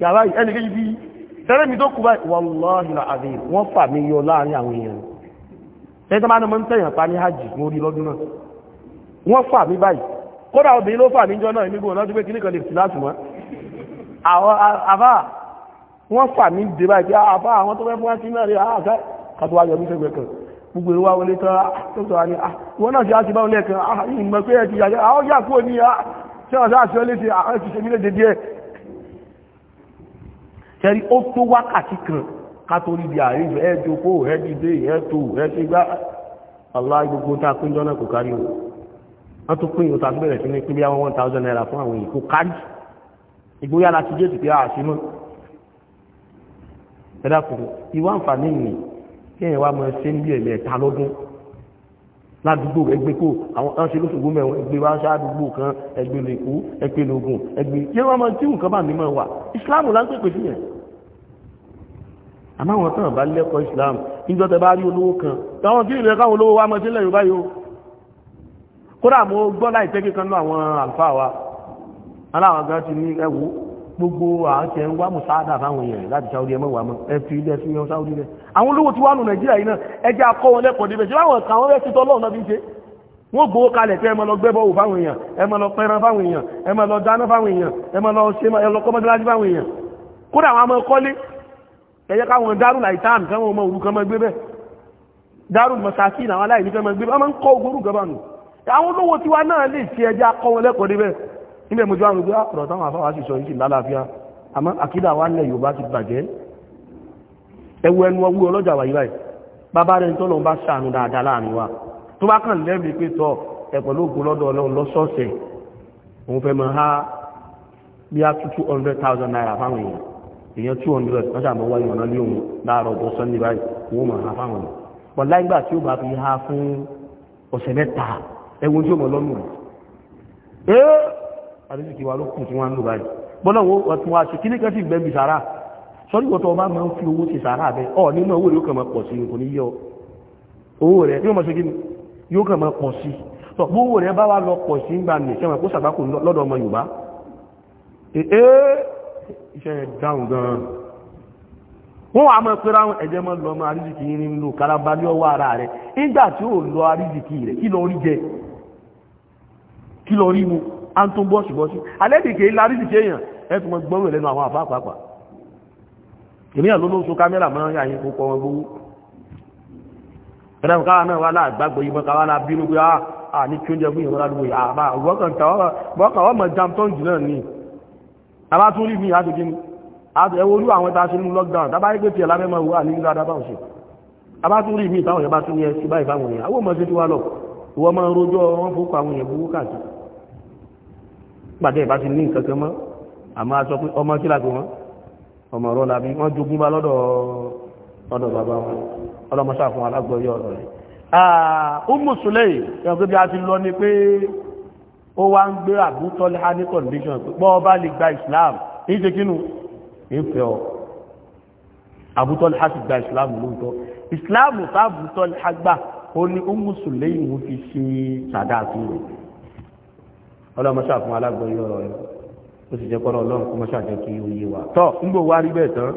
yàrá ẹnìkejì bí tẹ́lẹ̀ mi tó kú báyìí wallahi alazim wọ́n fà mí yọ láàrin àwọn èèyàn ẹni tó bá ní mọ́ ń tẹ̀yàn pa ní hajj mo rí lọ́dún náà wọ́n fà mí báyìí kódà obìnrin ló fà mí jọ náà nígbò náà tó pé kí nìkan lè fi láti mọ́ àwọn àfà wọ́n fà mí dé báyìí pé ah, àfà àwọn tó fẹ́ fún wáṣí náà rí ah, àṣà kàtó wáyọ̀ mí sẹ́gbẹ̀ẹ́ kan gbogbo ìwà wọlé tán ah, tó sọ tẹ́rí ó tó wákàtí kan kátórí di àríjọ ẹjọ́kó ẹdìdé ẹtò ẹṣẹgbá aláìgbogbo tá a pínjọ́ náà kò kárí o wọ́n tó pín ìwòta bẹ̀rẹ̀ sí ní pé bí i one thousand naira fún àwọn èyí kò kárí ìgbóyà láti jẹ́ ìpè àṣìmọ́ ẹ̀dá kò ìwà àǹfààní nìyí kéèyàn wá máa ṣe níbi ẹ̀mí ẹ̀ta lọ́dún ládùúgbò ẹgbẹ́ kó àwọn ránṣẹ́ lóṣogbo mẹ́wọ́n ẹgbẹ́ wá ṣáàdúgbò kan ẹgbẹ́ lèkó ẹgbẹ́ lògùn ẹgbẹ́ yẹ́n wá máa tí nǹkan bá mi máa wà ìsìláàmù láńpẹ̀pẹ̀ sí yẹn àmọ́ àwọn tán bá lẹ́kọ̀ọ́ Islam níjọ́ tẹ bá rí olówó kan táwọn kí ìrẹ́ káwọn olówó wá mọ́ sílẹ̀ Yorùbá yóò kódà mo gbọ́ láìpẹ́ kíkan náà àwọn àlùfáà wa aláwọn gan ti ní ẹwú gbogbo àáṣẹ ń wá mùsáàdà fáwọn èèyàn láti sáwọ́dí ẹmọ́ wà mọ́ ẹ fi ilẹ̀ sí yan sáwọ́dí rẹ̀ àwọn olówó tí wà nù Nàìjíríà yìí náà ẹjẹ́ akọ́ wọn lẹ́kọ̀ọ́ débẹ̀ ṣé báwọn kàwọn rẹ̀ títọ́ lọ́ọ̀ náà fi ń ṣe wọ́n gbowó kalẹ̀ pé ẹ máa lọ gbẹ́bọ̀ wò fáwọn èèyàn ẹ máa lọ pẹran fáwọn èèyàn ẹ máa lọ dáná fáwọn èèyàn ẹ máa lọ ṣe ẹ lọ kọ́mọdélájú fáwọn èèyàn kódà àwọn ọmọ kọ́lé ẹjẹ́ káwọn dárùn àìtàm káwọn ọmọ òrukàn mọ́ gbé bẹ́ dárùn masakin àwọn aláìníkẹ́ mọ́ gbé bẹ́ ọmọ ń kọ́ ogorú gaba nù àwọn olówó tiwa náà lè ṣe ẹjẹ́ akọ́ wọn lẹ́kọ̀ọ́ débẹ̀ níbẹ̀ mo ti ah, bí a two hundred naira fáwọn èèyàn èèyàn 200, hundred wọ́n ṣàmọ́ wáyé ọ̀nà lé òun láàárọ̀ tó sunday báyìí wọ́n mọ̀ ha fáwọn ọ̀nà wọn láìgbà tí ó bá fi ha fún ọ̀sẹ̀ mẹ́ta ẹ̀wọ̀n tí ó mọ̀ lọ́nù rẹ̀ ẹ́ àdéhùn kí wa ló kù tí wọ́n ń lò báyìí bọ́lá wo ọtún wa ṣe kíní kan sì gbẹ́mí sàrà sọ́rí wọ́tọ̀ ọba máa ń fi owó ti sàrà bẹ́ẹ̀ ọ̀ nínú sí kò ní yọ iṣẹ́ dáhùn gan-an wọ́n wà mọ́ pẹ́ra ẹ̀jẹ̀ mọ́ lọ ọmọ àríjìkì yìí ń lo ní ọwọ́ ara rẹ̀ nígbà tí ó lọ àríjìkì rẹ̀ kí lọ rí jẹ kí lọ rí mu a ń tún bọ́ọ̀sì bọ́ọ̀sì alẹ́dìkè ilá àríjìkì èèyàn ẹ tún mọ gbọ́rọ̀ lẹ́nu àwọn àfáà pàápàá ènìyàn ló ló so kámẹ́rà mọ́ ayé kó kọ́ wọn gbowó ẹ̀rọ káwa náà wà láàgbàgbọ́ yìí mọ́ káwa náà bínú pé a ah, ah, ní kí oúnjẹ fún ìyẹn ládùúgbò yìí àbá ah, ọgbọ́kàn tàwọn bọ́kàn wọn mọ̀ jam tó náà nìyí tàbá tún rí mi àti gini àti ẹwọ olú àwọn ìtaṣe nínú lockdown tàbá rí pé tí ẹ̀lá mẹ́mọ̀ wà nínú adábà òṣè tàbá tún rí mi ìtàwọn ìyẹ̀bá tún yẹ sí báyìí fáwọn èèyàn àwọn ọmọ sí tí wá lọ ìwọ máa ń rojọ́ wọn fókọ àwọn èèyàn burúkú àti pàdé ìbá ti ní nǹkan kan mọ́ àmọ́ aṣọ pé ọmọ kí làgbé wọn ọmọ ọ̀rọ̀ làbí wọ́n jogún bá lọ́dọ̀ ọ̀dọ̀ bàbá wọn ọlọ́mọṣà fún alágbọ̀ọ́yọ̀ ọ̀rọ̀ rẹ̀ ó wá ń gbé àbútọ́lé ha ní condition pọ́ ọba lè gba islam èyí ṣe kínú ìfẹ́ ọ àbútọ́lé ha sì gba islam lóòótọ́ islam tá àbútọ́lé ha gbà ó ní ó mùsùlùmí òun fi ṣe sàdáàtì rẹ̀ ọlọ́mọṣà fún alágbọ̀nyí ọ̀rọ̀ rẹ̀ ó sì jẹ́ kọ́rọ̀ ọlọ́run wa tọ́ ńgbò wá rí bẹ́ẹ̀ tán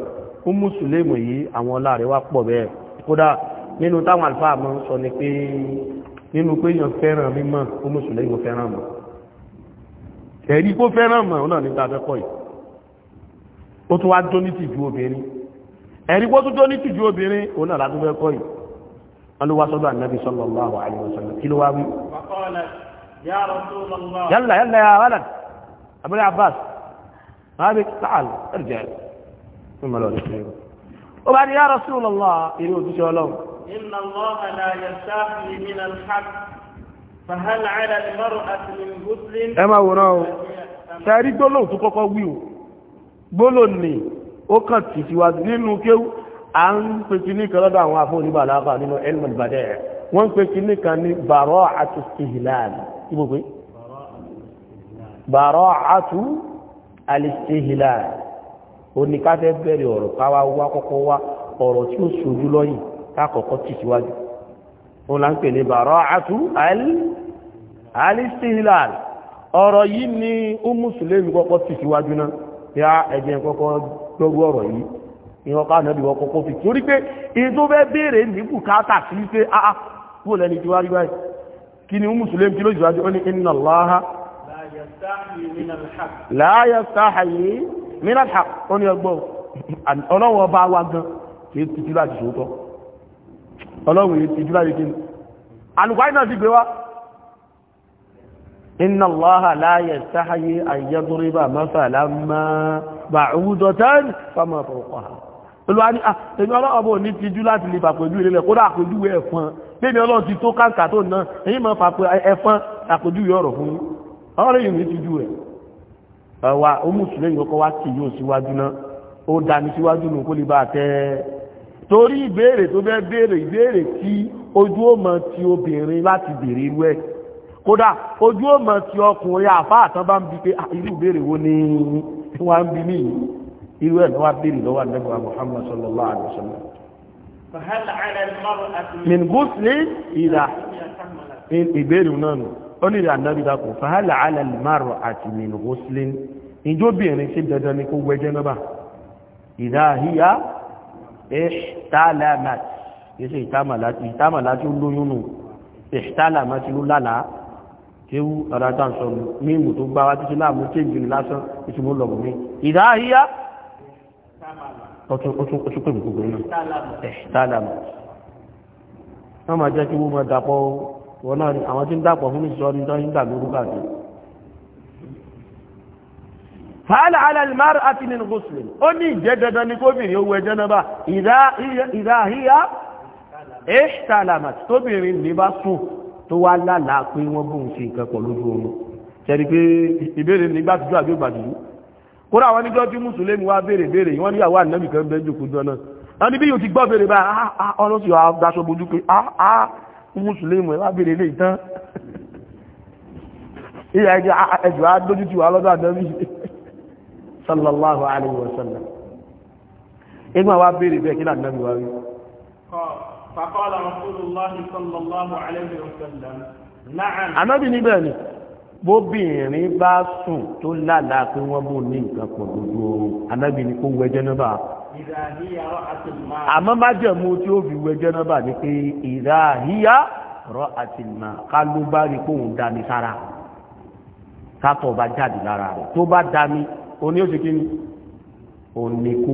ó mùsùlùmí yìí àwọn ọlá rẹ̀ wá pọ̀ bẹ́ẹ̀ kódà nínú táwọn àlùfáà mọ́ sọ ni pé nínú pé èèyàn fẹ́ràn mímọ́ ó mùsùlùmí fẹ́ràn mọ́ ẹ̀rí kó fẹ́ràn mọ̀ ọ́n náà nígbà abẹ́kọ̀ yìí ó tún wá dó ní tìjú obìnrin ẹ̀rí kó tún dó ní tìjú obìnrin òun náà látún fẹ́kọ̀ yìí wọ́n ló wá sọ́dọ̀ ànábì sallallahu alaihi wasallam kí ló wá wí. yálà yálà yà wàlà abúlé abbas máa bẹ káàlù ẹ̀rìjẹ́ fún mi lọ́dún fún mi. ó bá ní ya Rasulullah eré òtúnṣe ọlọ́run. inna Allah ẹ máa wòrán o ṣẹ́rí gbólóhùn tó kọ́kọ́ wí o gbólóhùn ni ó kàn tì síwájú nínú kéwú à ń pe kí ní kan lọ́dọ̀ àwọn afọ́ oníbàlágà nínú elmond badẹ́ ẹ̀ wọ́n ń pe kí ní kan ní bàrọ́ àti istihlal ibò pé bàrọ́ àtú alistihlal oníkàfẹ́ bẹ̀rẹ̀ ọ̀rọ̀ káwá wá kọ́kọ́ wá ọ̀rọ̀ tí ó sojú lọ́yìn kákọ̀ọ́kọ́ tì síwájú òun là ń pè ní bara'atu al-istihlal ọ̀rọ̀ yìí ni ó mùsùlùmí kọ́kọ́ ti síwájú náà yá ẹ̀jẹ̀ kọ́kọ́ gbọ́rú ọ̀rọ̀ yìí ìwọ̀n ká nàbí wọ́n kọ́kọ́ fi torí pé èyí tó fẹ́ béèrè ní bùkátà sí pé àá ah, ah, kúrò lẹ́ni tí wá rí báyìí kí ni mùsùlùmí kí ló jù wájú ó ní inna Allaha la yastahi min al ọgbọ́n ọlọ́wọ́ bá wá gan kí ọlọ́run yìí ti jú láyé kíni alùkwáyé náà sì gbé wá inna allaha la yastahi an yadriba masalan ma ba'udatan fama fawqaha olùwárí ah, èmi ọlọ́run ọbọ̀ ní tijú láti lè fàpẹ̀jú ilẹ̀ kódà àpèjúwe ẹ̀fọn bẹ́ẹ̀ni ọlọ́run ti tó káńkà tó náà èyí mọ́ fàpẹ̀ ẹ̀fọn àpèjúwe ọ̀rọ̀ fún ọlọ́run yìí ní tijú ẹ̀ ọwà ó mùsùlùmí ọkọ̀ wá kì yóò síwájú náà ó dání torí ìbéèrè tó fẹ́ béèrè ìbéèrè tí ojú ọmọ ti obìnrin láti béèrè irú ẹ̀ kódà ojú ọmọ ti ọkùnrin àfáà tán bá ń bi pé irú ìbéèrè wo ni wọ́n ń bi mí irú ẹ̀ lọ́wọ́ béèrè lọ́wọ́ àdébọ̀ Muhammad sallallahu alaihi wasallam min gúúsùlé ìdá ìbéèrè náà nù ó ní ìrànlọ́bí dákùn fàhálà alàlùmárù àti min gúúsùlé ìjóbìnrin sí dandan ní kó wẹ́jẹ́ náà ihtalamat yíṣẹ́ ìtàmàláti olóyún nù ihtalamat ló lálàá tí ó ọ̀rọ̀ àtàn sọ̀rọ̀ mímù tó gbáwá títí láàmú tí ìjìn lásán ìtumọ̀ lọ̀gùn mi ìdáhíyá ọtún pè gbogbo náà ihtalamat wọ́n máa jẹ́ kí wọ́n máa dàpọ̀ fàálà alàlmar àti nínú gúúsùlù ó ní ìjẹ́ dandan ní kóbìnrin owó ẹjẹ́ náà bá ìdáhíyá ẹ́ṣtàlàmà tóbìnrin ní bá sùn tó wá lálàá pé wọ́n bú ń ṣe nǹkan pọ̀ lójú oorun tẹ́rí pé ìbéèrè nígbà tó àbí ògbàdúrú kó ra tí mùsùlùmí wá béèrè béèrè wọ́n ní àwọn ànábì kan bẹ́ẹ̀ jòkó náà wọ́n ní bí yóò ti gbọ́ béèrè bá ah, ah, ọ̀rọ̀ sì wàá daṣọ pé ah, mùsùlùmí wá béèrè sallallahu alayhi wa sallam igba wa béèrè bẹ́ẹ̀ kí ni ànábì wa wí. faqala rasulullahi sallallahu alayhi wa sallam na'am. ànábì níbẹ̀ ni bóbìnrin bá sùn tó lálàá pé wọ́n bò ní nǹkan pọ̀ gbogbo oorun ànábì ni kó wẹ jẹ́nàbà. àmọ́ májẹ̀mú tí ó fi wẹ jẹ́nàbà ni pé ìdáhíyá rọ àtìmá ká ló bá rí kóun dání sára ká tọ̀ bá jáde lára rẹ̀ tó bá dání òní ó ṣe kí ni òní kú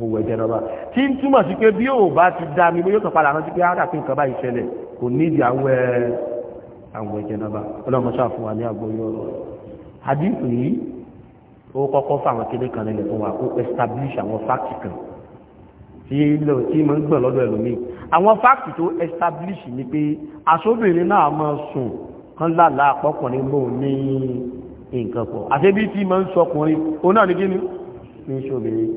mo wẹ̀ jẹnaba tí ń túmọ̀ sí pé bí ò bá ti dá mi yóò kàn padà rántí pé ara ah, fi nǹkan bá ìṣẹ̀lẹ̀ kò nídìí àwọn àwọn ìjẹnaba ọlọ́mọ sáà wa ní agbóyọ ọ̀rọ̀ yìí ó kọ́kọ́ fáwọn kéde kan nílẹ̀ fún wa ó establish àwọn fact kan tí lọ tí mo ń gbọ̀n lọ́dọ̀ ẹlòmíì àwọn fact tó establish ni pé aṣọ́bìnrin náà máa sùn kán lálàá pọ́kùnrin mò ní nǹkan pọ̀ àṣebí tí ma ń sọkùnrin o náà ní kí ni ní ṣòbìnrin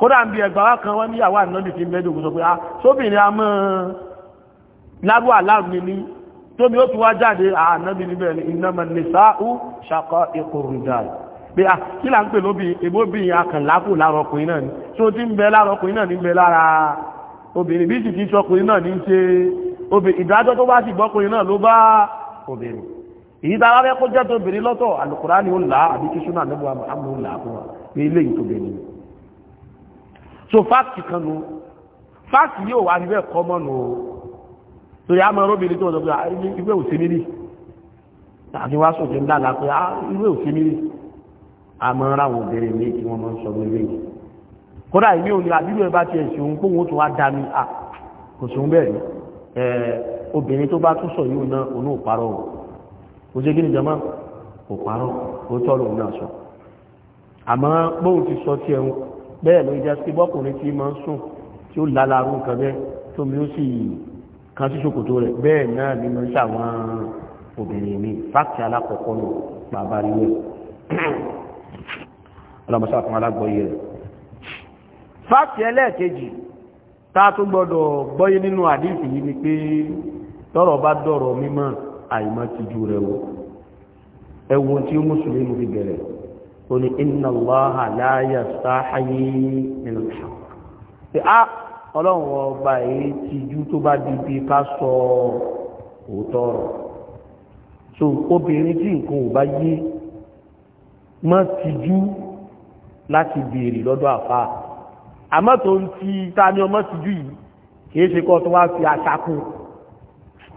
kódà ń bí ẹgbà wá kan wọ́n ní àwọn ànádì tí mẹ́dùnkú sọ pé a ah, sóbìnrin a mọ́ lágbó aláàmì ní tóbi ó tún wá jáde ah, ànádì níbẹ̀ ní ìnáma nìsáú ṣàkọ́ a kí là ń pè lóbi ìbóbìnrin akànlápò lára ọkùnrin náà ni tó ti ń bẹ lára ọkùnrin náà ní bẹ lára obìnrin bí sì ti sọkùnrin náà ní ṣe obìnrin ìdájọ́ tó bá sì gbọ́kùnrin náà ló bá obìnrin èyí tá a bá fẹ́ kó jẹ́ tóbìnrin lọ́tọ̀ alukurani ó là á àbí kí súnà níbo àmọ́ ó là á fún wa pé eléyìí tóbìnrin ni so fáàkì kan nu fáàkì yóò wá níbẹ̀ kọ́ mọ́ nù o torí àmọ́ róbìnrin tó ń sọ pé ah, ìwé òsèmí rí tàbí wá sókè ńlá la pé ah, ìwé òsèmí rí àmọ́ ráwọn obìnrin ní kí wọ́n máa ń sọ lórí yìí kódà ìwé òní àbílò ẹ bá tiẹ̀ ṣòun pé òun tó wá dá mi à ah, kò ṣòun bẹ́ẹ̀ ni obìnrin tó bá tún sọ yìí ò kò ṣe gíní jama kò parọ́ kò tọ́lù náà sọ àmọ́ bóun ti sọ tí ẹun bẹ́ẹ̀ ló jẹ́ sí bọ́kùnrin tí máa ń sùn tí ó lálàrú nǹkan bẹ́ẹ̀ tó mi ó sì kan sí ṣòkòtò rẹ̀ bẹ́ẹ̀ náà ni mo ń ṣàwọn obìnrin mi fáàkì alákọ̀ọ́kọ́ nù bàbá rí rẹ̀ ọlọ́mọṣà fún alágbọ̀ọ́yé rẹ̀ fáàkì ẹlẹ́ẹ̀kejì tá a tún gbọ́dọ̀ gbọ́yé nínú àdíìsì yìí ni pé tọ́rọ̀ bá dọ̀rọ̀ mímọ́ àìmọ́ ti ju rẹ̀ wò ẹwọ́n tí ó mùsùlùmí fi bẹ̀rẹ̀ ó ní inna Allaha la yastahi nínú ìṣàn pé á ah, ọlọ́run ọba èyí ti ju tó bá di bí ká sọ òótọ́ obìnrin tí nǹkan ò bá yé má ti ju láti béèrè lọ́dọ̀ àfa àmọ́ tó ń ti ta ni ọmọ ti ju yìí kì ṣe kọ́ tó wá fi aṣákùn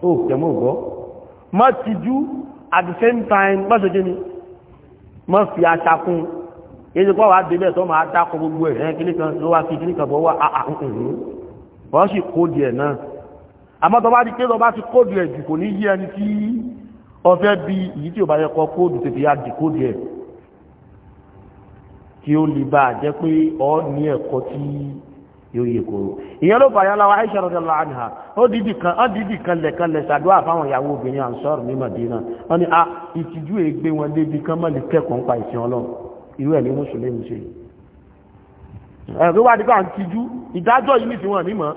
ó tẹ̀mọ́ gbọ́ má tijú at the same time má ṣe kíni má fi aṣakun yéṣe pọ́ wàá débẹ̀ tó máa dákọ̀ gbogbo ẹ̀ ẹ̀ kíní kan ló wá fi kíní kan bọ̀ wá àhùn ah, ah, mm, mm, mm. wọ́n sì kóòdù ẹ̀ náà àmọ́ tó bá di pé tó bá ti kóòdù ẹ̀ jù kò ní yí ẹni tí ọfẹ́ bí èyí tí ò bá yẹ kọ kóòdù tètè yá di kóòdù ẹ̀ kí ó lè bá a pé ọ ní ẹ̀kọ́ tí yóò yẹ kóró ìyẹn ló fà yálà wa Aisha radiyallahu anha ó dìdì kan ó dìdì kan lẹ̀kan lẹ̀ ṣàdúrà fáwọn ìyàwó obìnrin Ansar ní Madina wọ́n ní a ìtìjú ègbé wọn débi kan mọ́ lè kẹ́kọ̀ọ́ ń pa ìsìn Ọlọ́run irú ẹ̀ ní mùsùlùmí ṣe ẹ̀rí wá dípò à ń tijú ìdájọ́ yìí nìsí wọn mímọ́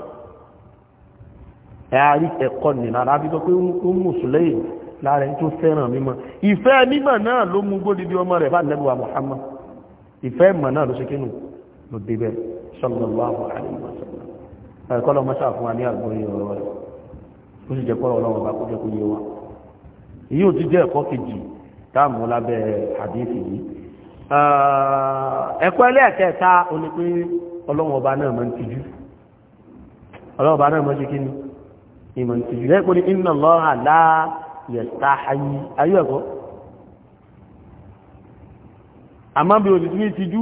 ẹ̀ á rí ẹ̀kọ́ nìlá rábí tó pé ó mùsùlùmí lára tó fẹ́ràn mímọ́ ìfẹ́ mímọ́ náà ló mú gbódìdí ọmọ rẹ̀ fà nẹ́bùwà Muhammad ìfẹ́ mọ̀ náà ló ṣe kínú ló débẹ̀ sallallahu alaihi wasallam ẹ̀kọ́ lọ́mọ sáfún wa ní àgbóyé ọ̀rọ̀ rẹ̀ ó sì jẹ́ kọ́rọ̀ ọlọ́run bá kó jẹ́ kó yé wa èyí ò ti jẹ́ ẹ̀kọ́ kejì táàmù lábẹ́ àdéhìí yìí ẹ̀kọ́ ẹlẹ́ẹ̀kẹta ó ní pé ọlọ́run ọba náà máa ń tijú ọlọ́run ọba náà máa ń ṣe kí ni ìmọ̀ ń tijú ní inna Allaha la yastahi ayé ẹ̀kọ́ àmọ́ bí òtítù ní tijú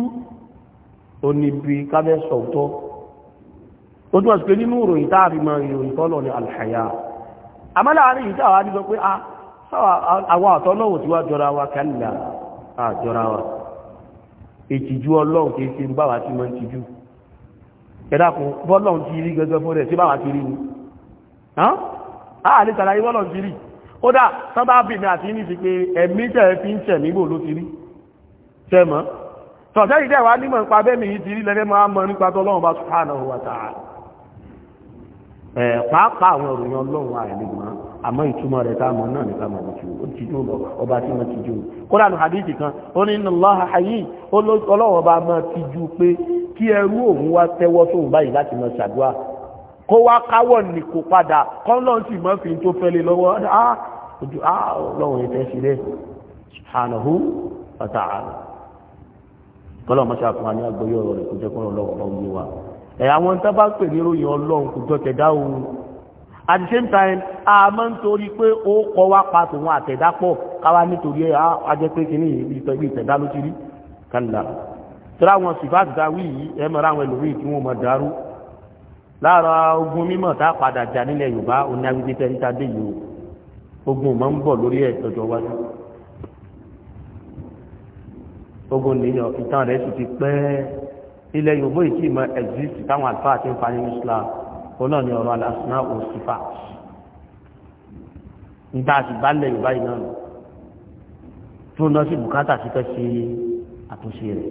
oníbi kábẹ́sọ̀ tọ́ ó túnmọ̀ sí pé nínú ìròyìn tá a fi mọ ìròyìn tọ́lọ̀ ní alhaya àmọ́láàárín yìí táwà ní sọ pé ah, àwọn àtọ́lọ́wò tí wá jọra wa kálà àjọra wa ìtìjú ọlọ́run kìí ṣe ń báwa tí mọ́ ń tìjú ẹ̀dàkùn bọ́lọ́run ti rí gẹ́gẹ́ fún rẹ̀ sí báwa ti rí ni àà ní tàlàyé bọ́lọ́run ti rí ó dà sábà bìnrin àti ní ti pé ẹ̀mí tẹ̀ fi ń tẹ̀ nígbò ló ti rí tọ̀sẹ́ ìdẹ́ wa nímọ̀ nípa bẹ́mi yìí ti rí lẹ́rẹ́ máa mọ̀ nípa tọ́lọ́run bá subhanahu wa ta'ala ẹ̀ pàápàá àwọn ìròyìn ọlọ́run àìlè mọ́ àmọ́ ìtumọ̀ rẹ̀ tá mọ̀ náà nípa mọ̀ ojú ó ti jó lọ ọba tí wọ́n ti jó kódà nù hadithi kan ó ní Allahu hayyi ọlọ́run máa ti ju pé kí ẹrú òun wá tẹ́wọ́ sóhun báyìí láti mọ ṣàdúrà kó wá káwọ̀ ní kó padà kọ́ńlọ́n sì mọ́ fi tó fẹ́ lé lọ́wọ́ ọlọ́run ìfẹ́ sílẹ̀ subhanahu kọ́lọ́ mọ́ṣá fún wa ní agbóyọ̀ ọ̀rọ̀ rẹ̀ kó jẹ́ kọ́lọ́ lọ́wọ́ ọ̀rọ̀ yé wa ẹ̀ àwọn tó bá pè ní ròyìn ọlọ́run kò jọ tẹ̀dá o at the same time a máa ń torí pé ó kọ́ wá pa tòun àtẹ̀dá pọ̀ káwa nítorí ẹ̀ á jẹ́ pé kìíní ibi ìtẹ̀dá ló ti rí kàlá tọ́lá wọn sì bá dá wí yìí ẹ mọ̀ra àwọn ẹlòmíì tí wọ́n mọ̀ dàrú lára ogun mímọ̀ tá a padà jà nílẹ̀ Yorùbá oní agbègbè tẹ́ríta dé yìí o ogun mọ̀ ń bọ̀ lórí ẹ̀ tọ́jọ́ wájú ogun nìyàn ìtàn rẹ̀ sì ti pẹ́ ilẹ̀ yorùbá ìtì mọ exist táwọn àlùfáà ti ń fa nínú islam ọlọ́ọ̀ni ọ̀rọ̀ alasuna òsìfà nígbà tí balẹ̀ yorùbá yìí náà tó náà sì bùkátà sí fẹ́ ṣe àtúnṣe rẹ̀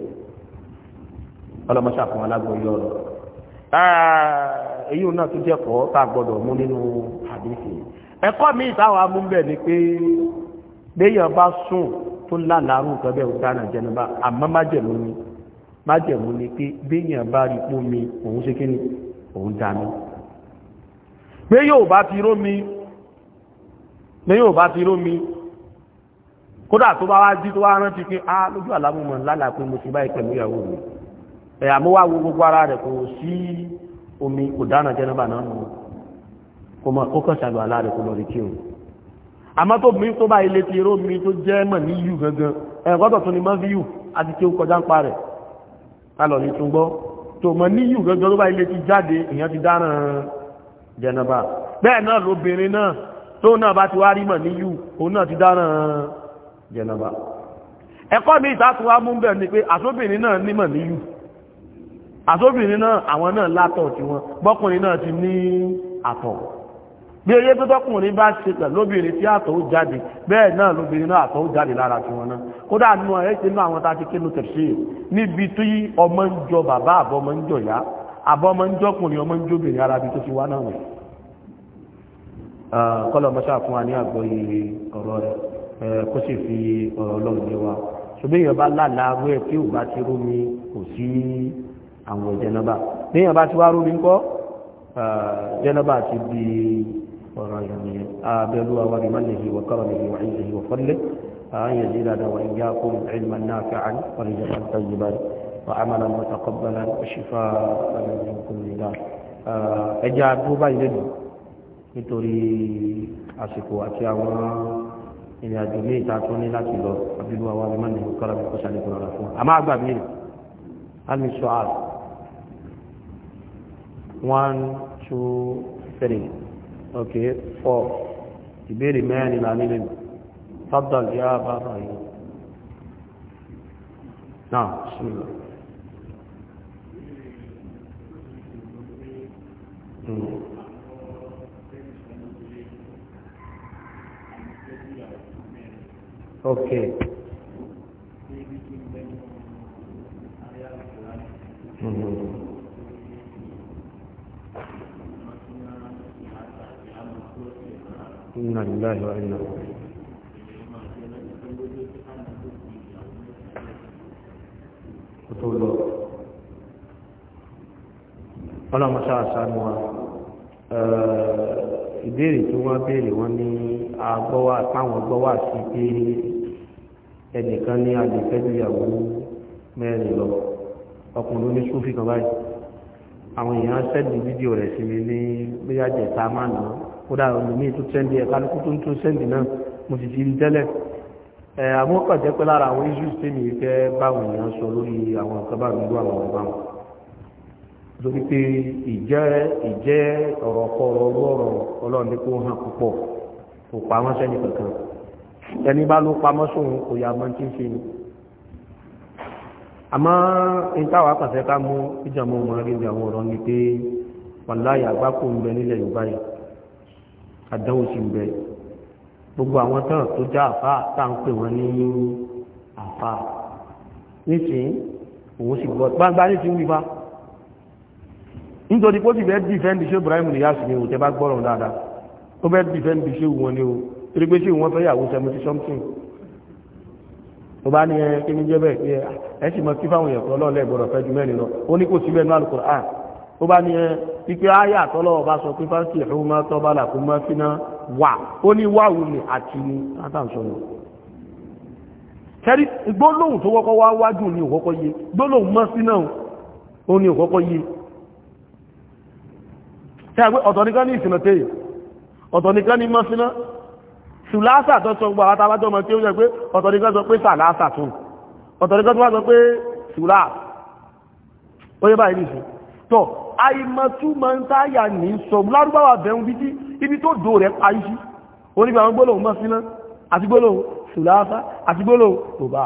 ọlọ́mọṣà fún alágbóyè ọ̀rọ̀ èyí náà tún jẹ́ kọ́ tá a gbọ́dọ̀ mú nínú àdéhùn ẹ̀kọ́ mi ìtawà mú bẹ́ẹ̀ ni pé béèyàn bá sùn tó lálàárù nǹkan bẹ́ẹ̀ òkúta náà jẹnubá àmọ́ májẹ̀mú ni májẹ̀mú ni pé béèyàn bá rí pó mi òun ṣe kí ni òun dá mi pé yóò bá ti ró mi pé yóò bá ti ró mi kódà tó bá wá jí tó wá rántí pé á ah, lójú àlámùmọ̀ lálàá pé mo ti báyìí pẹ̀lú ìyàwó mi ẹ̀yà mo wá wo gbogbo ara rẹ̀ kò sí omi kò jẹnubá náà nù kó kọ́ ṣàlù àlá rẹ̀ kó lọ rí kí òun àmọ́ tó mi tó bá ilé ti ró mi tó jẹ́ mọ̀ ní yù gangan ẹ̀kọ́tọ̀ tó ni mọ́ fi yù àti tí ó kọjá ń pa rẹ̀ alọ̀ ní tún gbọ́ tó mọ̀ ní yù gangan tó bá ilé ti jáde èèyàn ti dáràn jẹnaba bẹ́ẹ̀ náà lóbìnrin náà tó náà bá ti wá rí mọ̀ ní yù òun náà ti dáràn jẹnaba ẹ̀kọ́ mi ìtàkùn wa mú bẹ̀ ni pé àsóbìnrin náà ní mọ̀ ní yù àsóbìnrin náà àwọn náà látọ̀ tiwọn bọ́kùnrin náà ti ní àtọ̀ bí oyé tó tọkùnrin bá ṣe pẹ̀lú obìnrin tí àtọ̀ ó jáde bẹ́ẹ̀ náà lóbìnrin náà àtọ̀ ó jáde lára tí wọn náà kódà nínú ẹ̀ ṣe nínú àwọn tá a ti kéwòn tẹ̀sí níbi tí ọmọ ń jọ bàbá àbọ̀ ọmọ ń jọ ìyá àbọ̀ ọmọ ń jọkùnrin ọmọ ń jóbìnrin ara bí tó ti wá náà rẹ̀ ah, fún wa ní àgbọ́yé ọ̀rọ̀ rẹ̀ eh, kó sì fi ọ̀rọ̀ ọlọ́run lé wa ṣùgbọ́n èèyàn bá lálàá wẹ́ẹ̀ tí ò bá وغير ذلك آبلوا وبمنه وكرمه وعنده وفضله أن يزيدنا وإياكم علما نافعا ورزقا طيبا وعملا متقبلا وشفاء من كل داء ẹja tó báyìí lẹ́nu nítorí àsìkò àti àwọn ìrìn àjò ní ìta tó ní láti lọ àbílú àwọn ọmọ ní kọ́lá bí kò sálẹ̀ kọ́lá rà fún wa. àmọ́ àgbà mi rè almi soal one two three okay four ìbéèrè mẹ́rin là nílé fadal yá bàbá yìí náà ṣùgbọ́n hmm. Okay. Mm-hmm. inna lillahi wa inna ilaihi tó lọ ọlọ́mọ sáàsánú wa ìbéèrè tí wọ́n béèrè wọ́n ní agbọ́wà táwọn gbọ́wà sí pé ẹnìkan ní agbèfẹ́lú ìyàwó mẹ́rin lọ ọkùnrin ní súfì kan báyìí àwọn èèyàn sẹ́ẹ̀dì fídíò rẹ̀ sí mi ní bóyá jẹ̀ta máa náà kódà olùmí tó tẹ́ndì ẹ̀ kálukú tó ń tún sẹ́ndì náà mo sì ti rí tẹ́lẹ̀ ẹ̀ àmọ́kàn jẹ́ pé lára àwọn issues tèmi fẹ́ báwọn èèyàn sọ lórí àwọn àkàbà nílùú àwọn ọ̀gá wọn lórí pé ìjẹ́ ìjẹ́ ọ̀rọ̀ kọ̀ọ̀rọ̀ ọlọ́rọ̀ ọlọ́run ní kó hàn púpọ̀ kò pamọ́ sẹ́ni kankan ẹni bá ló pamọ́ sóhun kò yá mọ́ tí ń ṣe ni àmọ́ ìtawà pàṣẹ ká mú ìjàmọ́ ọmọ rí Yorùbá yìí àdáwò sì ń bẹ gbogbo àwọn tán tó já àfá tá ń pè wọ́n ní àfá nísìnyí òun sì gbọ́ gbangba ní ti ń wípa nítorí pé ó sì fẹ́ dìfẹ́ǹdì ṣé Ibrahim Niyas ni o bá gbọ́rọ̀ dáadáa ó fẹ́ dìfẹ́ǹdì ṣé wọn ni o torí pé ṣé wọn fẹ́ yàwó seventy something tó bá ní ẹ kí ni jẹ́ bẹ́ẹ̀ ẹ sì mọ kí fáwọn èèyàn kan lọ́ọ̀lẹ́ ìgbọ́dọ̀ fẹ́ ju mẹ́rin lọ ó ní kò síbẹ̀ ní Al-Qur'an ó bá ní ẹ pípẹ́ ayé àtọ́lọ́wọ́ bá sọ pé fásitì ìhùn máa tọ́ bá làkún máa fi náà wà ó ní wáwù ní àti ní látàǹsọ̀nà kẹrí gbólóhùn tó kọ́kọ́ wá wájú ní òkọ́kọ́ yé gbólóhùn mọ́ sí náà ó ní òkọ́kọ́ yé tẹ́ àgbé ọ̀tọ̀ nìkan ní ìsìnà tẹ́yì ní mọ́síná ṣùlásà tó tọ́ àìmọ̀túmọ̀ ń táyà ní sọ lárúbáwà bẹ̀rún bí ibi tó dò rẹ̀ parí sí oníbi àwọn gbólóhùn mọ́síná àti gbólóhùn sùláfá àti gbólóhùn òbá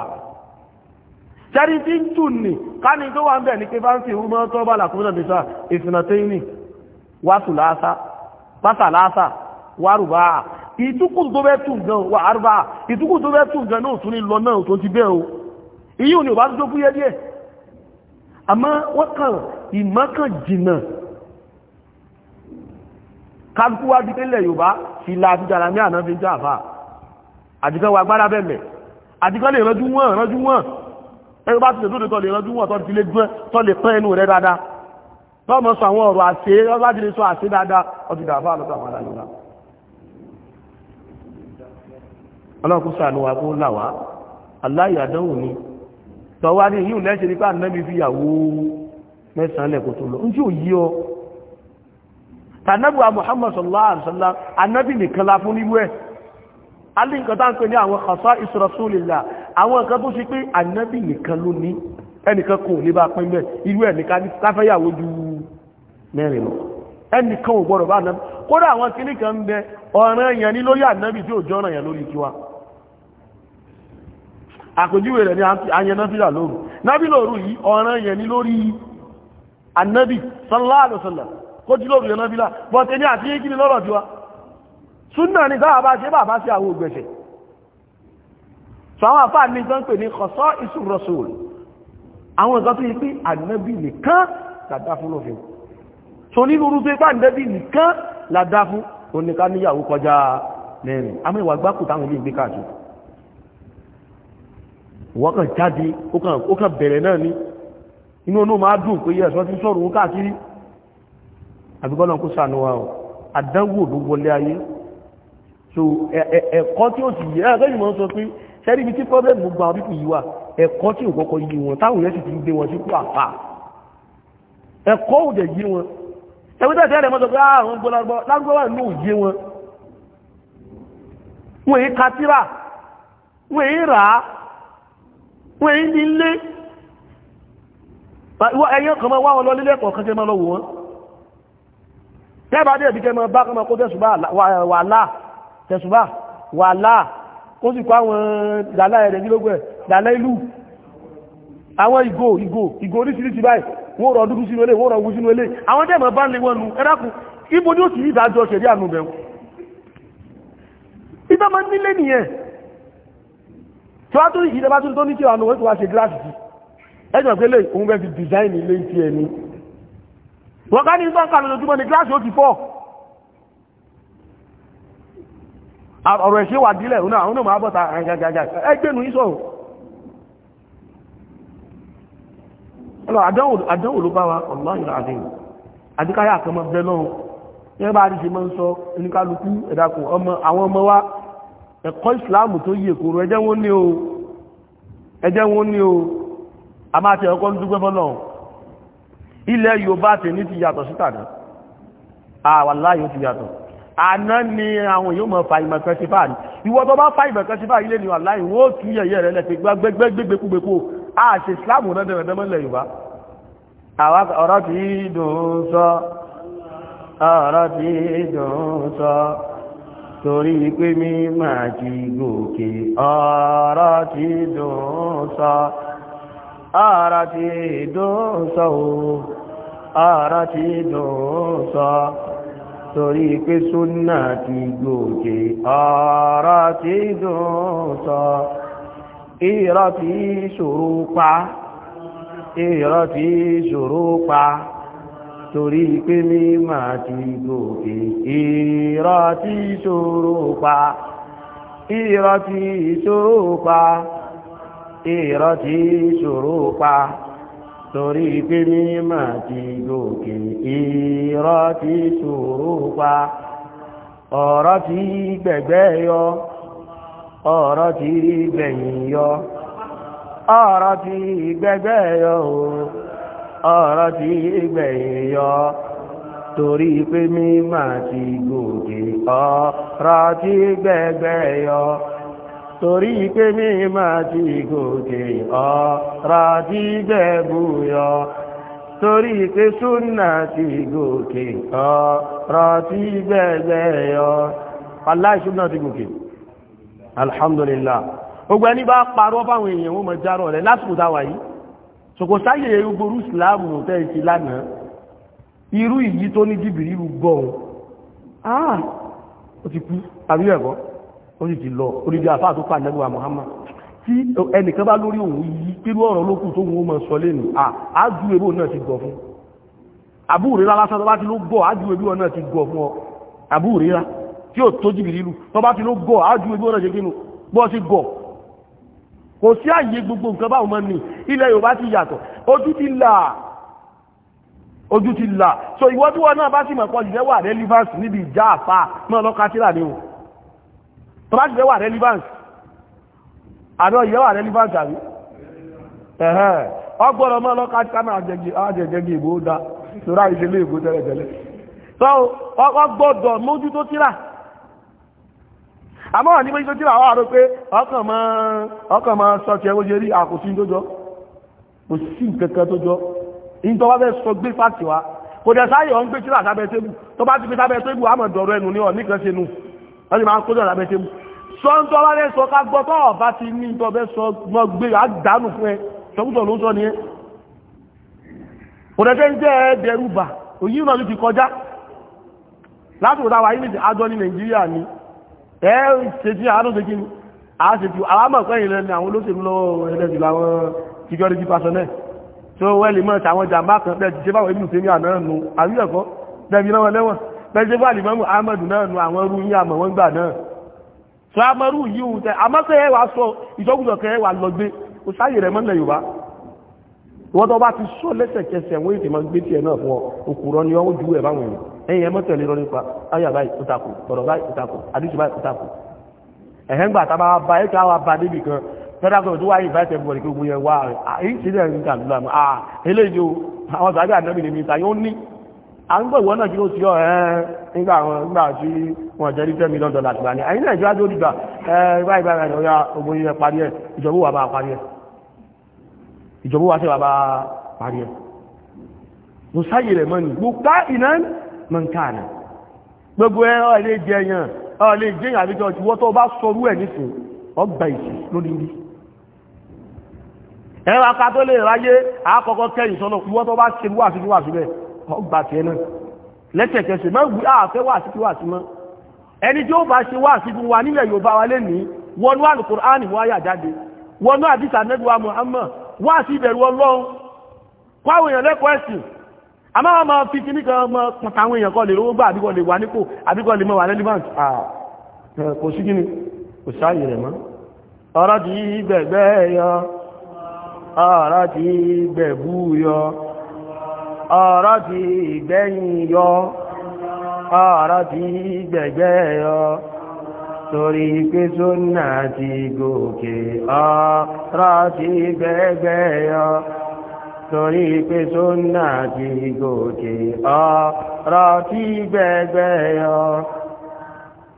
ṣẹ́rí tí ń tù ní káni tó wà ń bẹ̀ ní pé fáńsì ìhúmọ́ tó bá làkúnmọ́ nìta ìsìnàtẹ́yìnì wá sùláfá pátàlásà wá rùbá ìtúkùn tó bẹ́ tún gan wà àrùbá ìtúkùn tó bẹ́ tún gan náà tún ní wọ́n kàn ìmọ́kàn jìnnà kálukúwá di pélẹ̀ yorùbá ìlà àfijára ní àná fi ń jáfà àdìkan wà gbára bẹ̀mẹ̀ àdìkan lè rọjú wọ́n rọjú wọ́n ẹni bá ti lè lóde tọ́ lè rọjú wọ́n tọ́ ti lè gbọ́n tọ́ lè pẹ́ ẹnu rẹ dáadáa tọ́mọ sọ àwọn ọ̀rọ̀ àṣẹ láti lè sọ àṣẹ dáadáa ọdí dàfà lọ́tọ̀ àwọn adájọ́ra ni tọ́wá ní yíò lẹ́ṣẹ̀ nípa nẹ́bí mẹ́sàn-án lẹ́kọ̀ọ́ tó lọ ojú òyí ọ tànàbùwà Muhammad sallallahu alaihi wasallam anábì nìkan la fún níwú ẹ̀ alì nǹkan tá ń pè ní àwọn khasa'is rasulillah àwọn nǹkan tó ṣe pé anábì nìkan ló ní ẹnìkan kò ní bá pín bẹ́ irú ẹ̀ nìkan káfẹ́yàwó ju mẹ́rin lọ ẹnìkan ò gbọ́dọ̀ bá anábì kódà àwọn kìíní kan ń bẹ ọ̀ràn èèyàn ní ni lórí annabi sallallahu alaihi wasallam kó jí lórí ẹ̀nà bílá but ẹni àti yíkí ni lọ́rọ̀ díwá súnà ní sáà bá ṣe bá bá sí àwọn ògbẹ̀ṣẹ̀ sàwọn àfáà ní ìtàn pè ní kọ̀sọ́ ìsù rọ̀sùl àwọn ìtàn tó yí pé annabi nìkan làdá fún lófin so nínú orúkọ ipá annabi nìkan làdá fún oníká níyàwó kọjá mẹ́rin àmì ìwà gbákù táwọn ilé ìgbé káàkiri wọ́n kàn jáde ó kàn bẹ̀rẹ̀ náà ni inú onú máa dùn pé ẹ̀sọ́ ti sọ̀rọ̀ ó káàkiri àbíkọ́nà kó sànúwà ọ̀ àdánwò ló wọlé ayé so ẹ̀kọ́ tí ó sì yẹ ẹ̀kọ́yìn mọ́ sọ pé sẹ́rí ibi tí problem gbogbo àwọn pípù yìí wà ẹ̀kọ́ tí ò kọ́kọ́ yí wọn táwọn yẹn sì ti gbé wọn sí pàpà ẹ̀kọ́ ò dẹ̀ yí wọn ẹgbẹ́ tẹ̀sí ẹ̀rẹ̀ mọ́ sọ pé ah, àwọn gbọ́ lárúgbọ́ lárúgbọ́ wà èyí katira wọn ẹ̀yìn kan máa wá wọn lọ nílé ẹ̀kọ́ kan kẹ́ máa lọ wò wọ́n tẹ́bàá dẹ̀ bí kẹ́ máa bá kan máa kó tẹ̀sùbá wàhálà tẹ̀sùbá wàhálà ó sì kó àwọn dàlá ẹ̀rẹ̀ gílógún ẹ̀ dàlá ìlú àwọn ìgò ìgò ìgò oríṣiríṣi báyìí wọ́n rọ̀ dúdú sínú ilé wọ́n rọ̀ wú sínú ilé àwọn tẹ́ máa bá ń lé wọn nu ẹ̀rákùn ibo ni ó sì ìdájọ́ ṣẹ̀rí àánú bẹ̀rù ìbá máa nílé nìyẹn tí wọ́n tó ìdẹ́bá tó ní tí àwọn òwe tó wá ṣe gíláàsì sí ẹjọ́ pé lè òun bẹ́ fi design ilé ti ẹni wọ́n ká ní sọ́nkà lójúmọ́ ní kíláàsì ó ti fọ́ ọ̀rọ̀ ẹ̀ṣẹ́ wà dílẹ̀ òun náà máa bọ́ta àjàjàjà ẹgbẹ́nu ìṣọ́ àdánwò ló bá wa ọ̀lọ́yìn àdéhùn àdíkáyà kan mọ́ bẹ́ lọ́run yẹ́ bá rí ṣe mọ́ ń sọ oníkálukú ẹ̀dàkùn a máa tẹ ọkọ́ dúgbẹ́ bọ́lọ̀ ilẹ̀ Yorùbá tẹ ní ti yàtọ̀ síta náà àwàláyé ó ti yàtọ̀ àná ni àwọn yóò mọ̀ fa ìmọ̀ kan sí fáà ní ìwọ tó bá fa ìmọ̀ kan sí fáà ilé ni wàláyé wọ́n ó tú yẹ̀yẹ́ rẹ̀ lẹ́fẹ̀ gbẹ́gbẹ́gbẹ́gbẹ́kú àṣẹ Islam náà dẹ̀rẹ̀dẹ̀ mọ́lẹ̀ Yorùbá ọ̀rọ̀ tí dùn sọ ọ̀rọ̀ tí dùn sọ torí pé mi máa ti gòkè ọ̀rọ̀ tí dùn sọ àràtí dóòsọ́ o àràtí dóòsọ́ torí pé súnà ti gòkè àràtí dóòsọ́ ìrọ̀tí ṣòro pa ìrọ̀tí ṣòro pa torí pé mímà ti gòkè ìrọ̀tí ṣòro pa ìrọ̀tí ṣòro pa ìrọtí ṣòrópa torí pé mímọ̀ ti gòkè ìrọtí ṣòrópa ọ̀rọ̀ tí gbẹ̀gbẹ́ yọ ọ̀rọ̀ tí gbẹ̀yìn yọ ọ̀rọ̀ tí gbẹ̀gbẹ́ yọ ọ̀rọ̀ tí gbẹ̀yìn yọ torí pé mímọ̀ ti gòkè ọ̀rọ̀ tí gbẹ̀gbẹ́ yọ torí pé mi máa ti gòkè ọ̀rọ̀ tí gbẹ̀bù yọ torí pé súnà ti gòkè ọ̀rọ̀ tí gbẹ̀gbẹ̀ aláì súnà ti gòkè alhamdulillah gbogbo ẹni bá parọ́ fáwọn èèyàn wọ́n mọ̀ járọ̀ rẹ̀ lásìkò táwà yìí ṣòkò sáyè gbogbo ìsìláàmù tẹ́ ìsì lánàá irú ah ó ti kú àbí ẹ̀kọ́ ó sì ti lọ orílẹ̀ àfáà tó pà nẹ́gbà Muhammad tí ẹnìkan bá lórí òun yí pẹ̀lú ọ̀rọ̀ lókù tó wọ́n mọ̀ sọ lẹ́nu àájú ebó náà ti gọ̀ fún àbúrírá lásán tó bá ti ló gọ̀ àájú ebó náà ti gọ̀ fún ọ àbúrírá tí ó tó jìbìrì lù tó bá ti ló gọ̀ àájú ebó náà ṣe kínú bọ́ sí gọ̀ kò sí àyè gbogbo nǹkan báwọn mọ́ ni ilẹ̀ Yorùbá ti yàtọ̀ ojú ti là ojú ti là so ìwọ́dúwọ́ náà bá sì mọ̀ pọ̀ jùlẹ́wà relevance níbi ìjà àfà náà lọ́kàtírà ni o tó bá ti wà relevance àdọ́ ìyẹ́ wà relevance àrí ẹ̀hẹ́ ọgbọ́rọ̀ mọ́ lọ́ka kánà àjẹjẹgẹ ìbò ó dá lórá ìṣẹ́lẹ̀ ìbò tẹ́lẹ̀tẹ́lẹ̀ so ọgbọ́dọ̀ mójú tó tíra àmọ́ wà ní mójú tó tíra wà rọ pé ọkàn ma sọ ti jẹ́rí àkòsí tó jọ kò sí wọ́n ti máa ń kójọ́ ìlàbẹ́ tí mú sọ ń tọ́ lálẹ́ sọ ká gbọ́ tọ́ ọ̀bá ti ní ìtọ́bẹ́ sọ mọ́ gbé àdánù fún ẹ sọkútọ̀ ló ń sọ nìyẹn òdẹ́fẹ́ ń jẹ́ ẹ̀ẹ́dẹ̀rúbà òyìn náà ló ti kọjá láti òdá wa yìí àjọ ní nàìjíríà ni ẹ ṣe tí àádọ́ ṣe kí ni a ṣe tí àwámọ̀ pẹ́yìn lẹ́ni àwọn olóṣèlú lọ́wọ́ ẹlẹ́sìn láwọn security personnel tó wẹ́lì mọ́ ṣàwọn jàmbá kan bẹ́ẹ̀ ti ṣe báwọn ibùsùn ní àná nù àríyẹ̀kọ́ bẹ́ẹ̀ bí náà lẹ́wọ̀n pẹ̀sẹ̀ bá lìmọ́mù ahmed náà nu àwọn ẹrú yín àmọ̀ wọ́n gbà náà tó a mọ̀rú yìí ń tẹ àmọ́sẹ̀ ẹ wá sọ ìjọkùsọ̀ kẹ ẹ wà lọ gbé kò sáyè rẹ̀ mọ́lẹ̀ yorùbá wọ́n tó bá ti sọ lẹ́sẹ̀kẹsẹ̀ wọ́n ètè máa gbé tiẹ̀ náà fún ọ òkúrọ́ ni wọ́n ju ẹ̀ báwọn èèyàn ẹ̀yìn ẹ mọ́tẹ̀lé rọ nípa ayà báyìí ó takò ọ̀rọ̀ báyìí ó takò àdúgbò a ń gbọ́ ìwọ náà kí ló ti yọ ẹ́ nígbà wọn nígbà tí wọn jẹ́ rífẹ́ mílíọ̀n dọ́là ti gbà ní àyíká ìjọba tó dìgbà ẹ báyìí báyìí ọ̀yà ogun yẹn parí ẹ̀ ìjọba wà bá parí ẹ̀ ìjọba wà sí wà bá parí ẹ̀ mo sáyè rẹ̀ mọ́ ni gbogbo iná mọ́ ń káàná gbogbo ẹ ọ lè jẹ yàn ọ lè jẹ yàn àbíjọ ìwọ tó bá sọrú ẹ̀ nísìn ọgbà ìsì lórí rí ẹ̀rọ akató lè ráyé àkọ́kọ́ kẹ́yìn sọ́nà ìwọ tó ọgbà tiẹ̀ náà lẹ́sẹ̀kẹsẹ̀ má wí àfẹ́ ah, wà sí kí wà sí mọ́ ẹni tí ó bá ṣe wà sí fún wa nílẹ̀ Yorùbá wa lé ní wọnú Al-Qur'an wọ́n ayà jáde wọnú àdìsá nẹ́gbẹ̀wá Muhammad wà sí ìbẹ̀rù Ọlọ́run kwáwọn èèyàn lẹ́kọ̀ọ́ ẹ̀sìn àmọ́ wọn máa fi kíní kan mọ pọ̀tà àwọn èèyàn kan lè rówó gbà àbíkọ́ lè wà nípò àbíkọ́ lè mọ wà relevant ọ̀rọ̀ ti gbẹ̀yìn yọ ọ̀rọ̀ ti gbẹ̀gbẹ́ yọ torí pé súnà ti gòkè ọ̀rọ̀ ti gbẹ̀gbẹ́ yọ torí pé súnà ti gòkè ọ̀rọ̀ ti gbẹ̀gbẹ́ yọ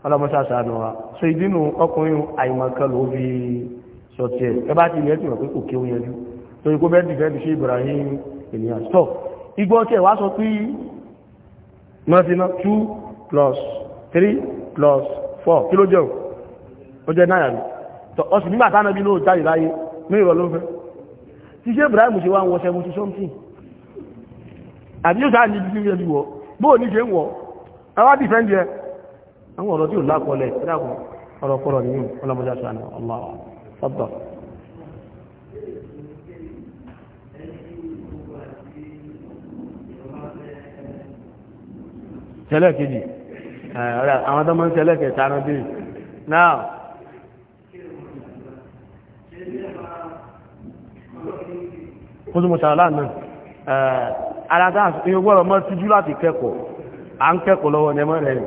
ọlọ́mọsáṣánú wa so ìdínú ọkùnrin àìmọ̀kan ló bí sọ tiẹ̀ ẹ bá ti ilẹ̀ tí wọ́n pé kò kéwọ́n yẹn jù torí kó bẹ́ẹ̀ dìfẹ́ bí ṣe Ibrahim ènìyàn stop igbó tí ẹ̀wà sọ pé mọ́síná 2 plus 3 plus 4 kí ló jẹun ó jẹ́ náírà ní tọ́ ọsùn nígbà tánà bí ló jáde láyé ní ìrọ̀ ló ń fẹ́ tí ṣe Ibrahim ṣe wá ń wọ 70 something àbí yóò sáà ní ibi tí wọ́ bóò ní ṣe ń wọ́ ẹwà tí fẹ́ ń jẹ àwọn ọ̀rọ̀ tí ò lápọ̀lẹ̀ ọ̀rọ̀ pọ̀rọ̀ nínú ọlọ́mọdé aṣọ àná ọlọ́wà fọ́tọ̀ tẹ́lẹ̀ kejì àwọn tó máa ń tẹ́lẹ̀ kẹta náà bí náà kó tó mọ̀ sàrọ̀ láàánà alága ìyẹn gbọ́dọ̀ mọ́ tíjú láti kẹ́kọ̀ọ́ à ń kẹ́kọ̀ọ́ lọ́wọ́ ní rẹ̀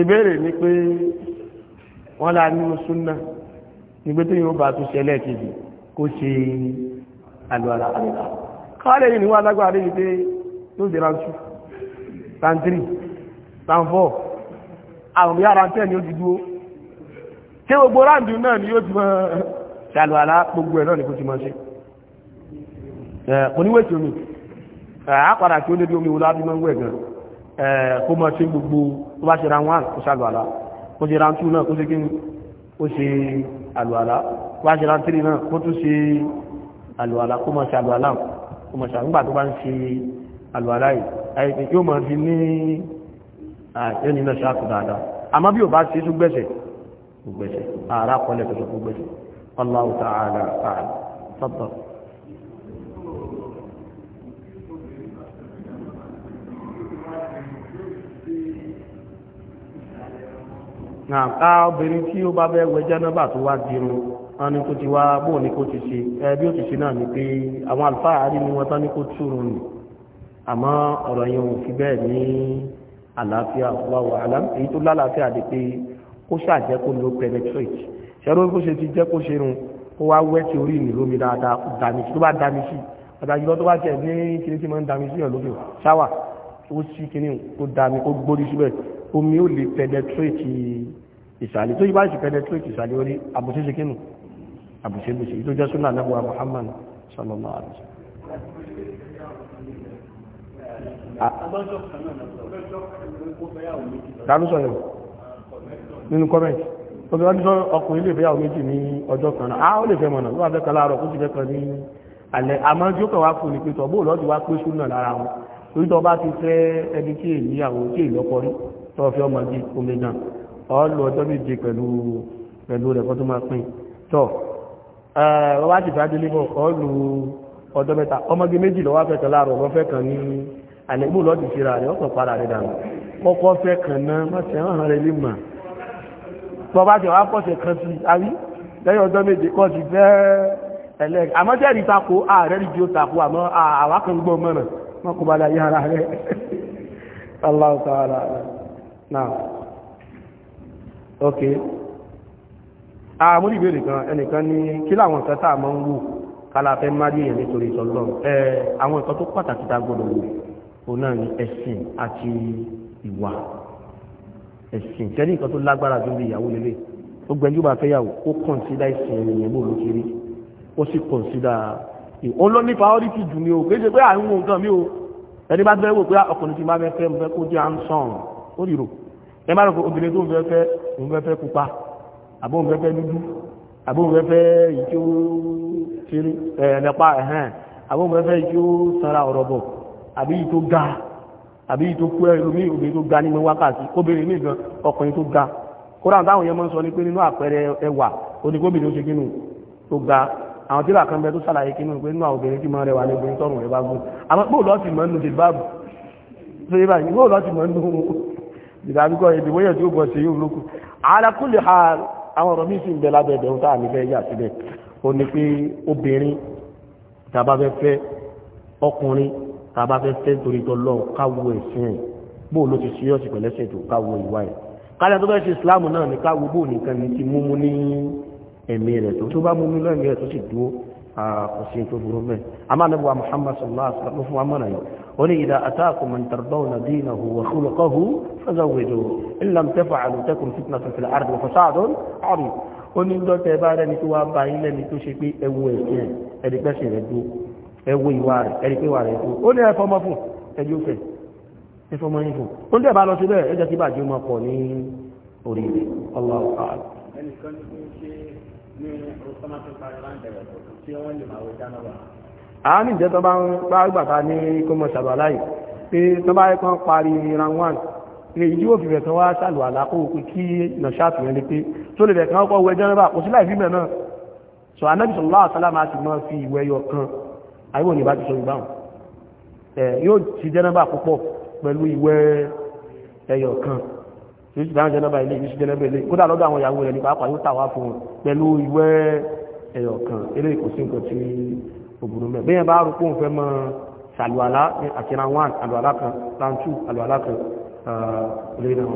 ìbẹ́ ni pé wọ́n lá ní sunna nígbé tó yóò bá tún ṣẹlẹ̀ kejì kó ṣe àlùwàlà àríwá káwàlẹ̀ yìí ni wọ́n alágbà rí wípé tó ṣe rántú tàǹtírì tàǹfọ́ àwọn yàrá tẹ́ ni ó ti dúó ṣé gbogbo ráǹdì náà ni yóò ti mọ ṣàlùwàlà gbogbo ẹ̀ náà ni kò ti mọ ṣe oníwèsì omi àpàdà tí ó lé bí omi wo lábí mọ́ ń wẹ̀ gan kó mọ́ ṣe gbogbo tó bá ṣe ra wọn kó ṣàlùwàlà kó ṣe rántú náà kó ṣe kí ó ṣe àlùwàlá wá ṣe rántírì náà kó tún ṣe àlùwàlá kó mọ̀ ṣe àlùwàlá kó mọ̀ ṣe àgbà tó bá ń ṣe àlùwàlá yìí àìpé yóò mọ̀ fi ní àìyẹ́ni náà ṣáàkù dáadáa àmọ́ bí ò bá ṣe tún gbẹ̀ṣẹ̀ gbẹ̀ṣẹ̀ ààrá kọlẹ̀ tó sọ fún gbẹ̀ṣẹ̀ Allahu ta'ala ta'ala ká obìnrin tí ó bá bẹ́ wẹ jánábà tó wá dirun wọn ni kò ti wá bóun ni kò ti ṣe ẹ bí ó ti ṣe náà ni pé àwọn àlùfáà àárín ni wọn tán ní kó túrun nù àmọ́ ọ̀rọ̀ yẹn ò fi bẹ́ẹ̀ ní àlàáfíà wàwà èyí tó lálàáfíà dé pé kó ṣàjẹ́ kó lo penetrate ṣẹ́rọ bó ṣe ti jẹ́ kó ṣe run ó wá wẹ́ ti orí ìnìlò mi dáadáa dàmí tó bá dàmí sí pàtàkì lọ tó bá tẹ̀ ní kíní tí máa ń dàmí sí ẹ̀ lókè ṣáwà ó sí kíní kó dàmí kó gbórí síbẹ̀ omi ó lè penetrate ìsàlẹ̀ tó yí bá sì penetrate ìsàlẹ̀ orí àbùsẹ́sẹ̀ kínú àbùsẹ́lùsẹ̀ tó jẹ́ súnà náà Muhammad sallallahu alaihi wasallam dánúsọ̀ yẹ̀wò nínú kọ́mẹ̀ntì obì wọ́n sọ ọkùnrin lè fẹ́yàwó méjì ní ọjọ́ kan náà ó lè fẹ́ mọ̀nà ló wà fẹ́ kan láàárọ̀ kó sì fẹ́ kan ní alẹ́ àmọ́ tí ó kàn wá fún ní pé tọ́ bóòlù ọ́ ti wá pé súnà lára wọn torí bá ti fẹ́ ẹni tí èyí àwọn tí èyí lọ́kọ rí tọ́wọ́ fi ọmọ jí omi náà ọlù ọjọ́ méje pẹ̀lú pẹ̀lú rẹ̀ kọ́ tó máa pín tọ́ ọwá ti fàájú lébọ̀ ọlù ọjọ́ mẹ́ta ọmọge méjì lọ́wọ́ fẹ́ kan láàrọ̀ wọ́n fẹ́ kan ní àlẹ́gbò lọ́dì síra rẹ̀ ọ̀sán para rẹ̀ dànù kọ́kọ́ fẹ́ kan náà má ṣe hàn rẹ̀ lè mà tọ́ bá ti wá pọ̀ṣẹ̀ kan sí àrí lẹ́yìn ọjọ́ méje kọ́ ti fẹ́ ẹlẹ́gì àmọ́ jẹ́ rí tako ààrẹ rí ju tako àmọ́ àwákan gbọ́ mọ́ràn mọ́kùnbalẹ̀ ayé ara Allah ta'ala náà ok àmúrí ìbéèrè kan ẹnìkan ní kí láwọn nǹkan tá a máa ń wò kálàfẹ́ márí èèyàn nítorí ìtọ́lọ́ ẹ àwọn nǹkan tó pàtàkì tá a gbọ́dọ̀ wò òun náà ní ẹ̀sìn àti ìwà ẹ̀sìn tẹ́lẹ̀ nǹkan tó lágbára ju bí ìyàwó lélẹ̀ ó gbẹ́njú bá fẹ́yàwó ó kọ̀ǹsídà ìsìn ènìyàn bò ló kiri ó sì kọ̀ǹsídà òun ló ní priority jù ní o kì í ṣe pé àwọn nǹkan mi o ẹni bá fẹ́ wò pé ọkùnrin ti máa fẹ́ fẹ́ mo fẹ́ kó jẹ́ à ń sàn ó rírò ẹ má rọ̀kọ̀ obìnrin tó ń fẹ́ fẹ́ òun fẹ́ fẹ́ pupa àbóhùn fẹ́ fẹ́ dúdú àbóhùn fẹ́ fẹ́ ìtí ó ṣeré ẹ̀ẹ́dẹ́pá ẹ̀hẹ́n àbóhùn fẹ́ fẹ́ ìtí ó sanra ọ̀rọ̀ bọ̀ àbí ìtí ó ga àbí ìtí ó kú ẹ̀rọ ní obìnrin tó ga nínú wákàtí obìnrin ní ìgbọ̀n ọkùnrin tó ga kódà táwọn yẹn máa ń sọ ní pé nínú àpẹẹrẹ ẹwà oníkóbìnrin ó ṣe kínú tó ga àwọn tíra kan bẹ tó ṣàlàyé kínú pé nínú àwọn obìnrin tí máa rẹwà ní obìnrin tọrùn ìdàbíkọ́ ìdìbòyẹ̀ tí ó bọ̀ sí yóò lókù alákùnlé ha àwọn ọ̀rọ̀ míì sì ń bẹ lábẹ́ẹ̀dẹ̀ ohun táà nífẹ́ yà síbẹ̀ ó ní pé obìnrin tàbá fẹ́ fẹ́ ọkùnrin tàbá fẹ́ fẹ́ torí tọ́lọ́ káwo ẹ̀sìn ẹ̀ bóò ló ti ṣíyọ́sì pẹ̀lẹ́sẹ̀ tó káwo ìwà ẹ̀ kálẹ̀ tó fẹ́ ṣe ìsìláàmù náà ní káwo bóò nìkan ní ti múmú ní Muhammad sallallahu alaihi wa ولي إذا أتاكم من ترضون دينه وخلقه فزوجوه إن لم تفعلوا تكن فتنة في الأرض وفساد عريض ومن دول تبارا نتوى باين لنتو شكي أوي أريك بس يردو أوي واري أريك واري يردو ولي أفهم فون أجيو فين أفهم فون كنت أبا سبه إذا تبا جو قوني أريد الله أعلم ẹnìkan ní ṣe ní ọ̀sán máa tó parí láǹdẹ̀rẹ̀ tó tí wọ́n lè àárín ìjẹ́ tó bá ń gbàgbàta ní kọmọ̀ sàbàláyì pé tó bá ẹkọ́ parí ránwàn lè jí ó fìfẹ̀ tán wá sàlù àlákò kí nà ṣàfihàn lè pé tó lè fẹ̀kan ọkọ̀ wẹ jẹ́rẹ́bà kò sí láì fíìmẹ̀ náà sọ anábì sallallahu alaihi wasallam ti máa fi ìwẹ̀ yọ kan àríwọ̀ ní bá ti sọ ìbáhùn yóò ti jẹ́rẹ́bà púpọ̀ pẹ̀lú ìwẹ̀ ẹyọ kan yóò ti dáhùn jẹ́nàbà ilé yóò ti jẹ́nàbà òbúrú mẹ́ bẹ́yẹn bá rú pòun fẹ́ mọ́ ṣàlùwàlá àti ra one àlùwàlá kan round àlùwàlá kan ilé uh, ìrìn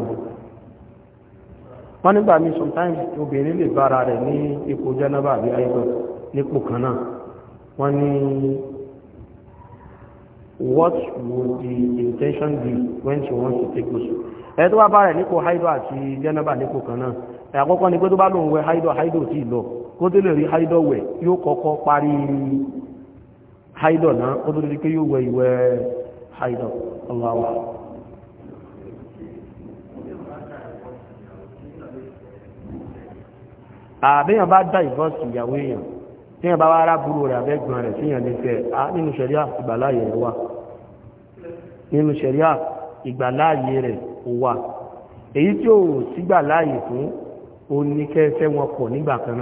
wọ́n nígbà míì sometimes obìnrin lè bára rẹ̀ ní ipò jẹ́nàbà àbí àìsàn nípò kan náà wọ́n ní what would the intention be when she wants to take us. ẹ̀ tó wá bára rẹ̀ nípò haido àti jẹ́nàbà nípò kan náà ẹ̀ àkọ́kọ́ ni pé tó bá lóun wẹ haido haido tí lọ kó tó lè rí haido wẹ̀ yóò kọ́kọ́ parí haidọ̀ náà ah, ó tó lórí pé yóò wẹ ìwẹ̀ haidọ̀ ọlọ́wà àbíyàn bá dá ìfọ́sì ìyàwó èèyàn tí yàn bá wá rábúrò rẹ̀ abẹ́gbọ̀n rẹ̀ tí yàn lè fẹ́ a nínú ṣẹ̀ríà ìgbàláyè rẹ̀ wà nínú ṣẹ̀ríà ìgbàláyè rẹ̀ wà èyí tí ó sígbàláyè fún oníkẹ́ ẹfẹ́ wọn pọ̀ nígbà kan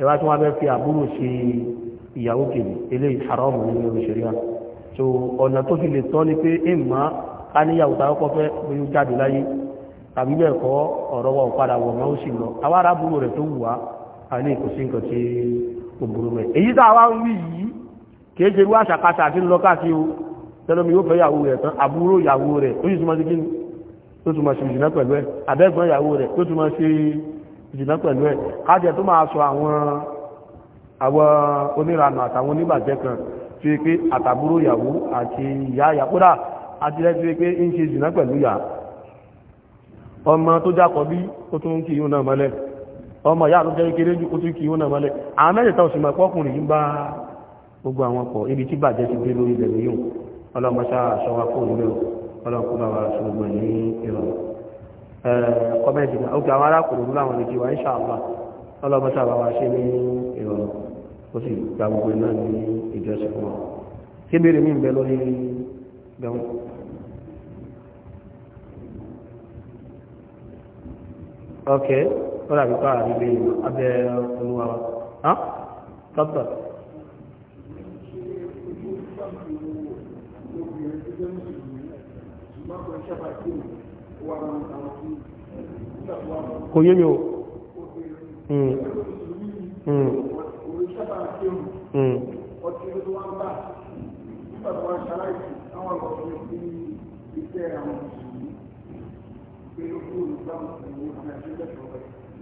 ẹwà tí wọ́n fẹ́ fi àbúrò ṣe ìyàwó kejì eléyìí haramu nínú olùṣèríà so ọ̀nà tó fi lè tọ́ ni pé èèmọ̀ ká níyàwó tá a kọ́ fẹ́ oyún jáde láyé tàbí bẹ́ẹ̀ kọ́ ọ̀rọ̀ wa ò padà wọ̀ máa ó sì lọ àwa arábùrú rẹ̀ tó wù wá àní kò sí nǹkan tí kò burú mẹ́ èyí tá a wá ń wí yìí kìí ṣe irú àṣàkáṣà àti ńlọ káàkiri o tẹlomi yóò fẹ́ ìyàwó rẹ̀ tán àbúrò ìyàwó rẹ̀ ó sì túmọ̀ sí kíni tó túmọ̀ sí ìjìnà pẹ̀lú ẹ̀ àbẹ́gbọ́n ìyàwó rẹ̀ tó túmọ̀ sí ìjìnà pẹ̀lú ẹ̀ kájẹ tó máa sọ àwọn àwọn oníranà àtàwọn oníbàjẹ́ kan tí pé àtàbúrò ìyàwó àti ìyá àyàkúrà àti rẹ̀ tí pé ń ṣe jìnà pẹ̀lú ìyá ọmọ tó jákọ̀ bí ó tún kí yíò náà mọ́lẹ̀ ọmọ ìyá tó jẹ́ kéré jù ó tún kí yíò náà mọ́lẹ̀ àwọn mẹ́jẹ̀ta òsì mọ̀ pọ́kùnrin yìí bá gbogbo àwọn pọ̀ ibi tí bàjẹ́ ti dé lórí ilẹ̀ yìí ọlọ́mọṣá aṣọ wa kó ṣe ní ìrọ̀rùn ó sì gba gbogbo iná ní ìjọsìn fún wa kí béèrè mi ń bẹ lórí gbẹ̀wọ̀n. ok ó dàbí pa àrígbé abẹ́ olúwa wa tọ́tọ̀. kò yé mi o. Hmm. Hmm. Hmm.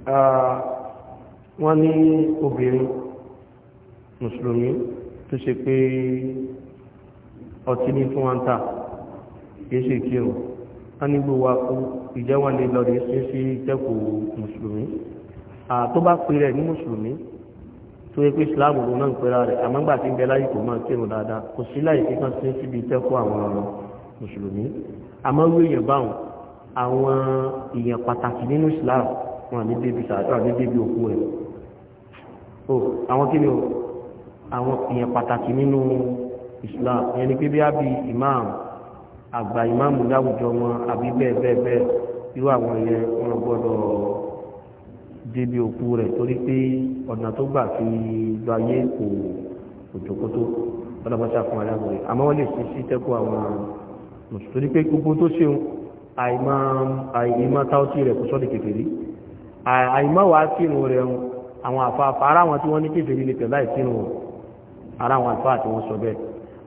Ah, wọ́n ní obìnrin mùsùlùmí tó ṣe pé ọtí ní fún wọn tà kìí ṣe kírùn a ní gbogbo akú ìjẹ́wọ́n lè lọ́dẹ̀ ṣe sí ìjẹ́kù mùsùlùmí ah, tó bá pè rẹ̀ ní mùsùlùmí tó yẹ pé islam ló náà ń pera rẹ̀ àmọ́ gbà tí ń bẹ láyé kò máa kírun dáadáa kò sí láyé tí kan sí síbi iṣẹ́ fún àwọn ọ̀rọ̀ mùsùlùmí àmọ́ wí èèyàn báwọn àwọn èèyàn pàtàkì nínú islam wọn ní débi sàdúrà ní débi òkú ẹ̀ o àwọn kí ni o àwọn èèyàn pàtàkì nínú islam yẹn ni pé bí a imam àgbà imam láwùjọ wọn àbí bẹ́ẹ̀ bẹ́ẹ̀ bẹ́ẹ̀ irú àwọn yẹn wọn gbọ́dọ̀ débi òkú rẹ̀ torí pé ọ̀nà tó gbà fi gbáyé kò òjòkótó ọlọ́pàá fún aláàbò rẹ̀ àmọ́ wọ́n lè fi sí tẹ́kù àwọn mùsùlùmí torí pé gbogbo tó ṣeun àìmọ́ táwọ́tì rẹ̀ kò sọ́dì kékeré àìmọ́ wàá sínú rẹ̀ àwọn àfààfà ara wọn tí wọ́n ní kékeré ní pẹ̀lú àìsínú wọn ara àwọn àfààfà tí wọ́n sọ bẹ́ẹ̀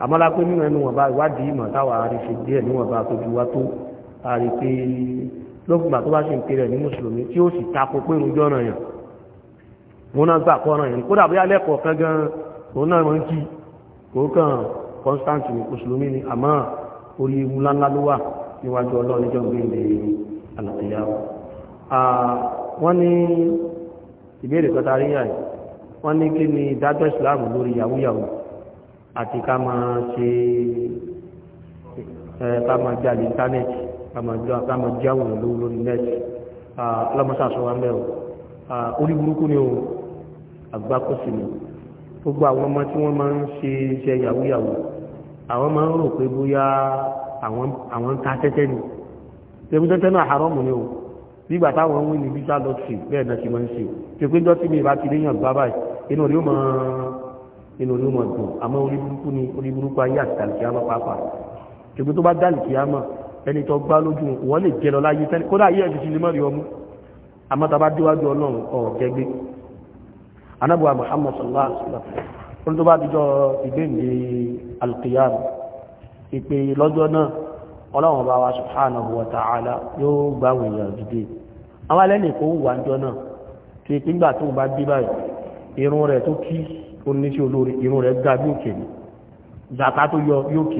àmọ́ lápé nínú ẹnu wọn bá ìwádìí ìmọ̀ táwọn àríṣe díẹ̀ níwọ̀n bá tójú wá tó àrí pé lókùngbà tó bá ṣe ń pèrè ní mùsùlùmí tí ó sì tako pé irun jọ́nà yàn òun náà gbà kọ́ ọ̀ràn yàn kódà bóyá lẹ́kọ̀ọ́ kan gan òun náà mọ̀ ń kí kò kàn constant ní mùsùlùmí ni àmọ́ orí ewu ńláńlá ló wà níwájú ọlọ́run níjọ́ gbéǹde àlàyé wọn ní ìbéèrè kan tarí yà wọn ní kí ni ìdájọ́ ìsìláàmù lórí yàwúyàwó àti ká máa ṣe ká máa jalè íńtánẹ́ẹ̀tì kámọ̀ jáwò lówó lórí nẹ́ẹ̀tì ọlọ́mọsàsọ wa mẹ́rọ orí burúkú ni o àgbákò sí ni gbogbo àwọn ọmọ tí wọ́n máa ń ṣe iṣẹ́ yàwúyàwó àwọn máa ń rò pé bóyá àwọn ń ta tẹ́tẹ́ ni tẹ́bí tẹ́tẹ́ náà haramu ni o nígbà táwọn wí ní visa lottery bẹ́ẹ̀ náà ti máa ń ṣe pépé dọ́tí mi ìbá ti léyàn bá báyìí inú rí ó máa inú rí ó máa dùn àmọ́ orí ni orí burúkú ayé àti tàlìkì àmọ́ pàápàá pépé tó bá dàlìkì àmọ́ ẹni tó gbá lójú wọ́n lè jẹ lọ láyé tẹ́lẹ̀ kódà yẹ́ ẹ̀fì sí lè mọ́rí ọmú àmọ́tàbá díwájú ọlọ́run ọ̀gẹ́gbé anábùwà Muhammad sallallahu alaihi wasallam ó tó wa subhanahu wa ta'ala yóò gbá wèèyàn dìde àwọn alẹ́nì kò wà ń jọ náà tó ìpín gbà tó bá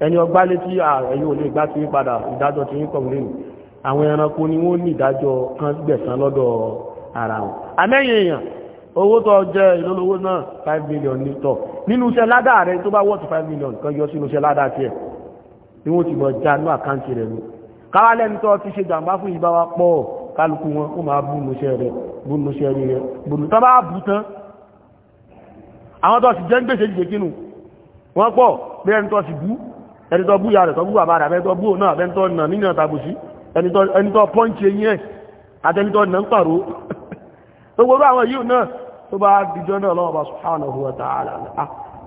ẹni ọgbá létí ààrẹ yóò lè gbá tí ń padà ìdájọ́ tí ń kọ̀ lẹ́nu àwọn ẹranko ni wọ́n ní ìdájọ́ kan gbẹ̀sán lọ́dọ̀ ara wọn àmẹ́yìn èèyàn owó tó jẹ́ ìlólówó náà five million ní tọ̀ nínú iṣẹ́ ládà rẹ tó bá wọ́ọ̀tù five million kan yọ sínú iṣẹ́ ládà tiẹ̀ ni wọ́n ti mọ̀ já ní àkáǹtì rẹ̀ nu káwá lẹ́nu tó ti ṣe jàǹbá fún ìbá wa pọ̀ kálukú wọn ó máa bú nùṣẹ́ rẹ̀ bú nùṣẹ́ rí rẹ̀ bú nù tán bá bú tán àwọn tó ti jẹ́ ń gbèsè jìdèkínú wọ́n pọ̀ bí ẹni tó ti bú ẹni tó búyà rẹ̀ tó bú bàbá rẹ̀ abẹ́ntọ́ bú náà abẹ́ntọ́ nà nínú àtàbùsí ẹni tó pọ́ǹchì eyín ẹ̀ àtẹnitọ́ nà ń pàró tó gbogbo àwọn yìí náà tó bá dìjọ́ náà lọ́wọ́ bá subhanahu wa ta'ala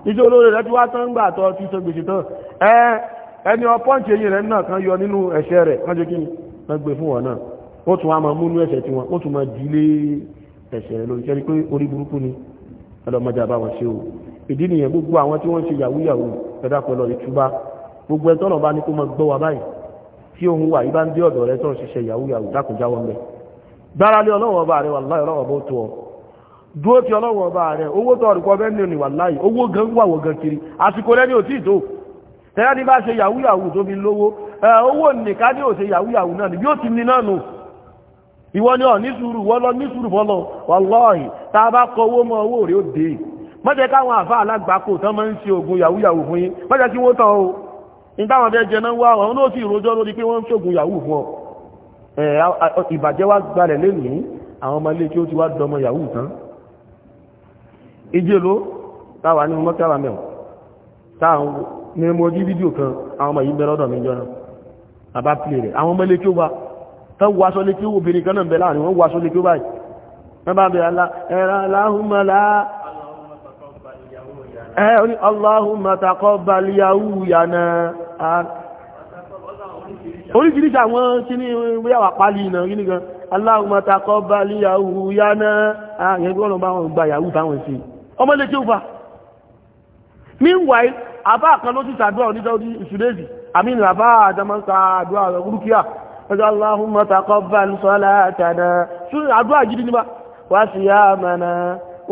ìjọ olóore rẹ̀ tí wá tán gbà tọ́ tí sọ gbèsè tán ẹ ẹni ọ pọ́ǹchì eyín rẹ̀ náà kan yọ nínú ẹ̀ṣẹ̀ rẹ̀ wọ́n jẹ́ ni ọlọ́mọdé àbáwọn ṣe o ìdí nìyẹn gbogbo àwọn tí wọ́n ń ṣe yàwúyàwó ẹ̀dá pẹ̀lú ìtúbá gbogbo ẹ̀ tọ́lọ̀ bá ní kó mọ gbọ́ wa báyìí tí ohun wà ibá ń dé ọ̀dọ̀ rẹ tọ́rọ ṣiṣẹ́ yahoo yahoo dákùnjá wọn bẹ́ẹ̀ gbára lé ọlọ́wọ́ ọba rẹ wàláì ọlọ́wọ́ bó tó ọ dúró ti ọlọ́wọ́ ọba rẹ owó tọ́ọ̀rù kọ bẹ́ẹ̀ ní wàláì owó gan wà wọ̀ gan kiri àsìkò rẹ ní òtí ìtò tẹ́lá ní bá ṣe yahoo yahoo tó fi lówó owó nìkan ní òṣè yahoo yahoo náà ni bí ó ti ní náà nù ìwọ ni ọ̀ ní sùúrù wọ́n lọ ní sùúrù fọ́lọ wàláì tá a bá kọ owó mọ owó rẹ ó dé mọ́jẹ́ káwọn àfa alágbàkó tán máa ń ṣe oògùn yahoo yahoo fún yín mọ́jẹ́ kí wọ́n tán o ìdáwọn bẹ́ jẹ náà wá àwọn náà sì rojọ́ lórí pé wọ́n ń ṣògùn yahoo fún ọ ìbàjẹ́ wá gbalẹ̀ lẹ́nìí àwọn ọmọ ilé kí ó ti wá dọmọ yahoo tán ìjẹ́ ló táwà ní mọ́kàlá mẹ́wọ̀n táwọn ní mo jí fídíò kan àwọn ọmọ yìí bẹ̀rẹ̀ ọ̀dọ̀ mi jọ́nà àbá pìlẹ̀ rẹ̀ àwọn ọmọ ilé kí ó wá tán wáṣọ lé kí ó obìnrin kan náà bẹ̀ láàrin wọ́n wáṣọ lé kí ó báyìí ẹ̀rí Allahumma taqabbal yàúyàna oríṣìíríṣìí àwọn tí ní wíyàwà pálí ìnà rí nìkan Allahumma taqabbal yàúyàna ààrẹ gbọ́nà bá wọn gba yàú táwọn sí ọmọ lè tí ó fà meanwhile àbá kan ló ti sàdúrà oníṣẹ́ orí ìṣúrẹ́sì àmì àbá àdámọ́ta àdúrà rẹ̀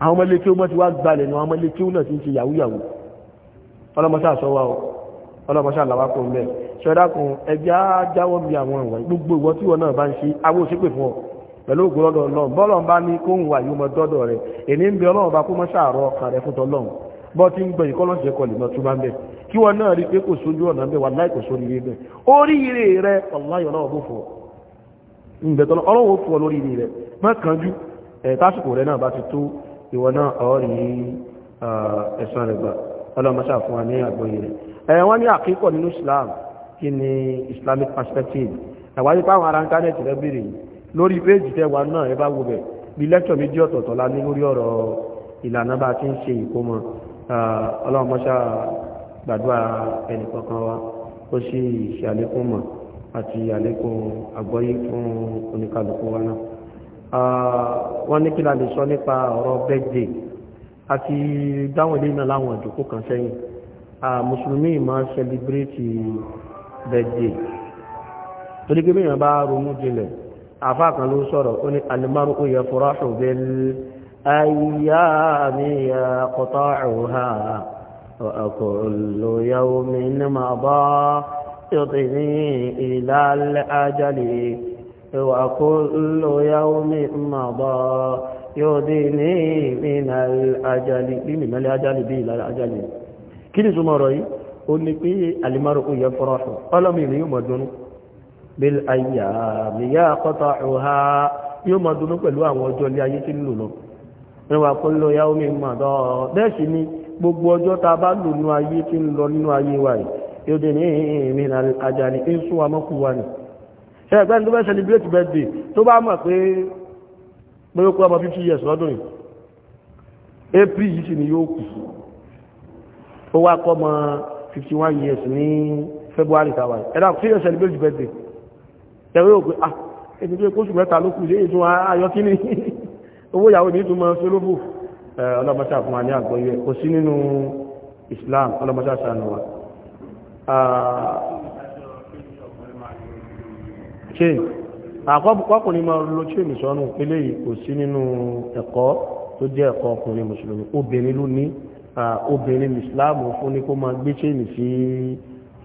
àwọn ọmọ ilé kí ó mọ́ ti wá gbalẹ̀ ní àwọn ọmọ ilé kí ó náà ti ń ṣe yàwúyàwú ọlọ́mọṣà sọ́wọ́ o ọlọ́mọṣà làwákọ̀ ń bẹ̀ ṣọ́dákun ẹgbẹ́ jáwọ́ bí àwọn ìwà gbogbo ìwọ tí wọn náà bá ń ṣe awó ṣépè fún ọ pẹ̀lú ògùn lọ́dọ̀ ọlọ́run bọ́lọ̀ ń bá ní kó ń wà yóò mọ dọ́dọ̀ rẹ̀ èmi ń bẹ ọlọ́run bá kó mọ́ ìwọ náà ọ̀ rí ẹ̀sán rẹ̀ gbà ọlọ́mọṣà fún wa ní àgbóyìn rẹ̀ ẹ̀ wọ́n ní àkíkọ̀ nínú Islam kí ni Islamic perspective ẹ̀wájú páwọn ará íńtánẹ́ẹ̀tì rẹ̀ bèrè lórí péjì tẹ́wàá náà ẹ bá wo bẹ̀ bí lẹ́tọ̀ méjì ọ̀tọ̀ọ̀tọ̀ la ní lórí ọ̀rọ̀ ìlànà bá ti ń ṣe ìkómọ ọlọ́mọṣà gbàdúrà ẹnìkọ̀ọ̀kan wa ó sì ṣe àlékún mọ̀ àti àlékún àgbọ́yé fún oníkàlùkù wa náà wọ́n ní kí la lè sọ nípa ọ̀rọ̀ bẹ́ẹ̀dẹ̀ àti dáwọn ilé náà láwọn ìjòkó kan sẹ́yìn musulmi ma ń sẹlibrétì bẹ́ẹ̀dẹ̀ torí kí mìíràn bá ronú jinlẹ̀ àfá kan ló sọ̀rọ̀ ó ní alimaru ó yẹ وكل يوم مضى يدني من الأجل من الأجل بلا الأجل كل زمري قلني في المرء يفرح قلم يمدن بالأيام يقطعها يمدن pẹ̀lú àwọn ọjọ́ ilé ayé tí ń lò lọ wa kullu yawmin mada bẹ́ẹ̀ sì ni gbogbo ọjọ́ tá bá lò nínú ayé tí ń lọ nínú ayé wa yìí yóò dé ní ìmìnà àjàní ń sún amọ́kù wa nìí ẹgbẹ́ni tó bẹ́ celebrate birthday tó bá mọ̀ pé pẹ́lú kó ọmọ 50 years lọ́dún yìí april yìí sì ni yóò kù ó wá kọ́ ọmọ 51 years ní february tàwa ẹ̀dá kí yóò celebrate birthday ẹ̀rọ yóò pé ah èdè tó kóṣù mẹ́ta ló kù léyìn tún ayọ́ kí ni owó ìyàwó ní ìtumọ̀ solóbù ọlọ́mọṣà fún wa ní àgbọ̀yẹ kò sí nínú islam ọlọ́mọṣà sànù wa ah, chain àkọ́kùnrin máa lo chain sọ́nù eléyìí kò sí nínú ẹ̀kọ́ tó jẹ́ ẹ̀kọ́ ọkùnrin mùsùlùmí obìnrin ló ní obìnrin islam fún ní kó máa gbé chain sí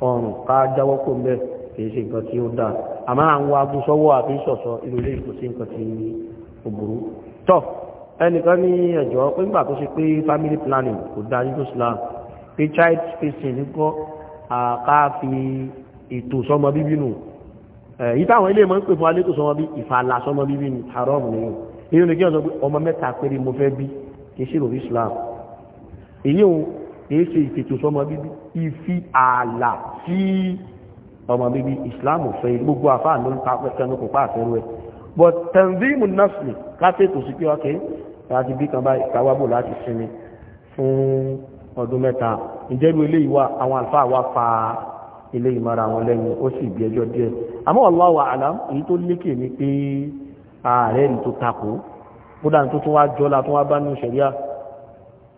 ọrùn ká jáwọ́ kó mbẹ́ kìí ṣe nǹkan tí ó dà àmọ́ àwọn agúnṣọ́wọ́ àbí ṣọ̀ṣọ́ inú ilé kò sí nǹkan tí ó burú tọ́ ẹnìkan ní ẹ̀jọ́ pé nígbà tó ṣe pé family planning kò dá nínú islam pé child spacing ń kọ́ ètò sọmọ bíbí nù èyí táwọn ilé mọ́ ń pè fún alẹ́ tó sọmọ bí ìfàlà sọmọ bíbí ni haram ni èyí ni kí wọ́n sọ pé ọmọ mẹ́ta péré mo fẹ́ bí kì í ṣe lórí Islam èyí ò kìí ṣe ìfètò sọmọ bíbí ìfi ààlà sí ọmọ bíbí Islam fẹ́ gbogbo àfáà ló ń ta pẹ́kẹ́nu kò pa àfẹ́rú ẹ̀ but tanzimu nasli káfẹ́ kò sí pé ọkẹ́ láti bí kan bá ìkáwábò láti sinmi fún ọdún mẹ́ta ìjẹ́rú eléyìí wá àwọn àlùfáà wá fa ilé ìmọ̀ra wọn lẹ́yìn ó sì bí ẹjọ́ díẹ̀ àmọ́ Allahu a'lam èyí tó lékè ní pé ààrẹ ní tó takò kódà tó tún wá jọ́la tó wá bá ní ìṣẹ̀ríà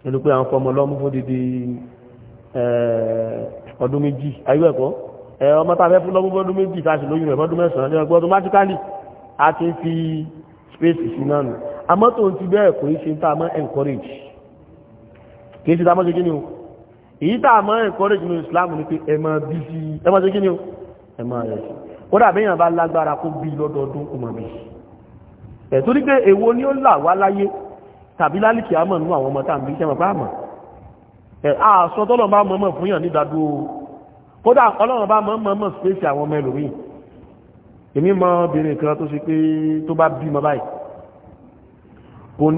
nínú pé àwọn fọmọ lọ́mú fún dídí ọdún méjì ayé ẹ̀kọ́ ọmọ tá a fẹ́ fún lọ́mú fún ọdún méjì tá a sì lóyún rẹ̀ fọ́dún mẹ́sàn-án ní ọgbọ́n automatically a ti fi space sí náà nù àmọ́ tó ń ti bẹ́ẹ̀ kò í ṣe tá a mọ́ encourage kì í ṣe tá a mọ́ ṣe kí ni o èyí tàà mọ́ encourage ní islam ní pé ẹmọ bí sí ẹmọ sí kí ni ó ẹmọ rẹ̀ sí ó dàbí èèyàn bá lágbára kó bí lọ́dọọdún kò mọ̀ bí ẹ̀ torí pé èwo ni ó là wá láyé tàbí lálìkì àmọ̀ nínú àwọn ọmọ tàà bí sẹ́mọ̀ pé àmọ̀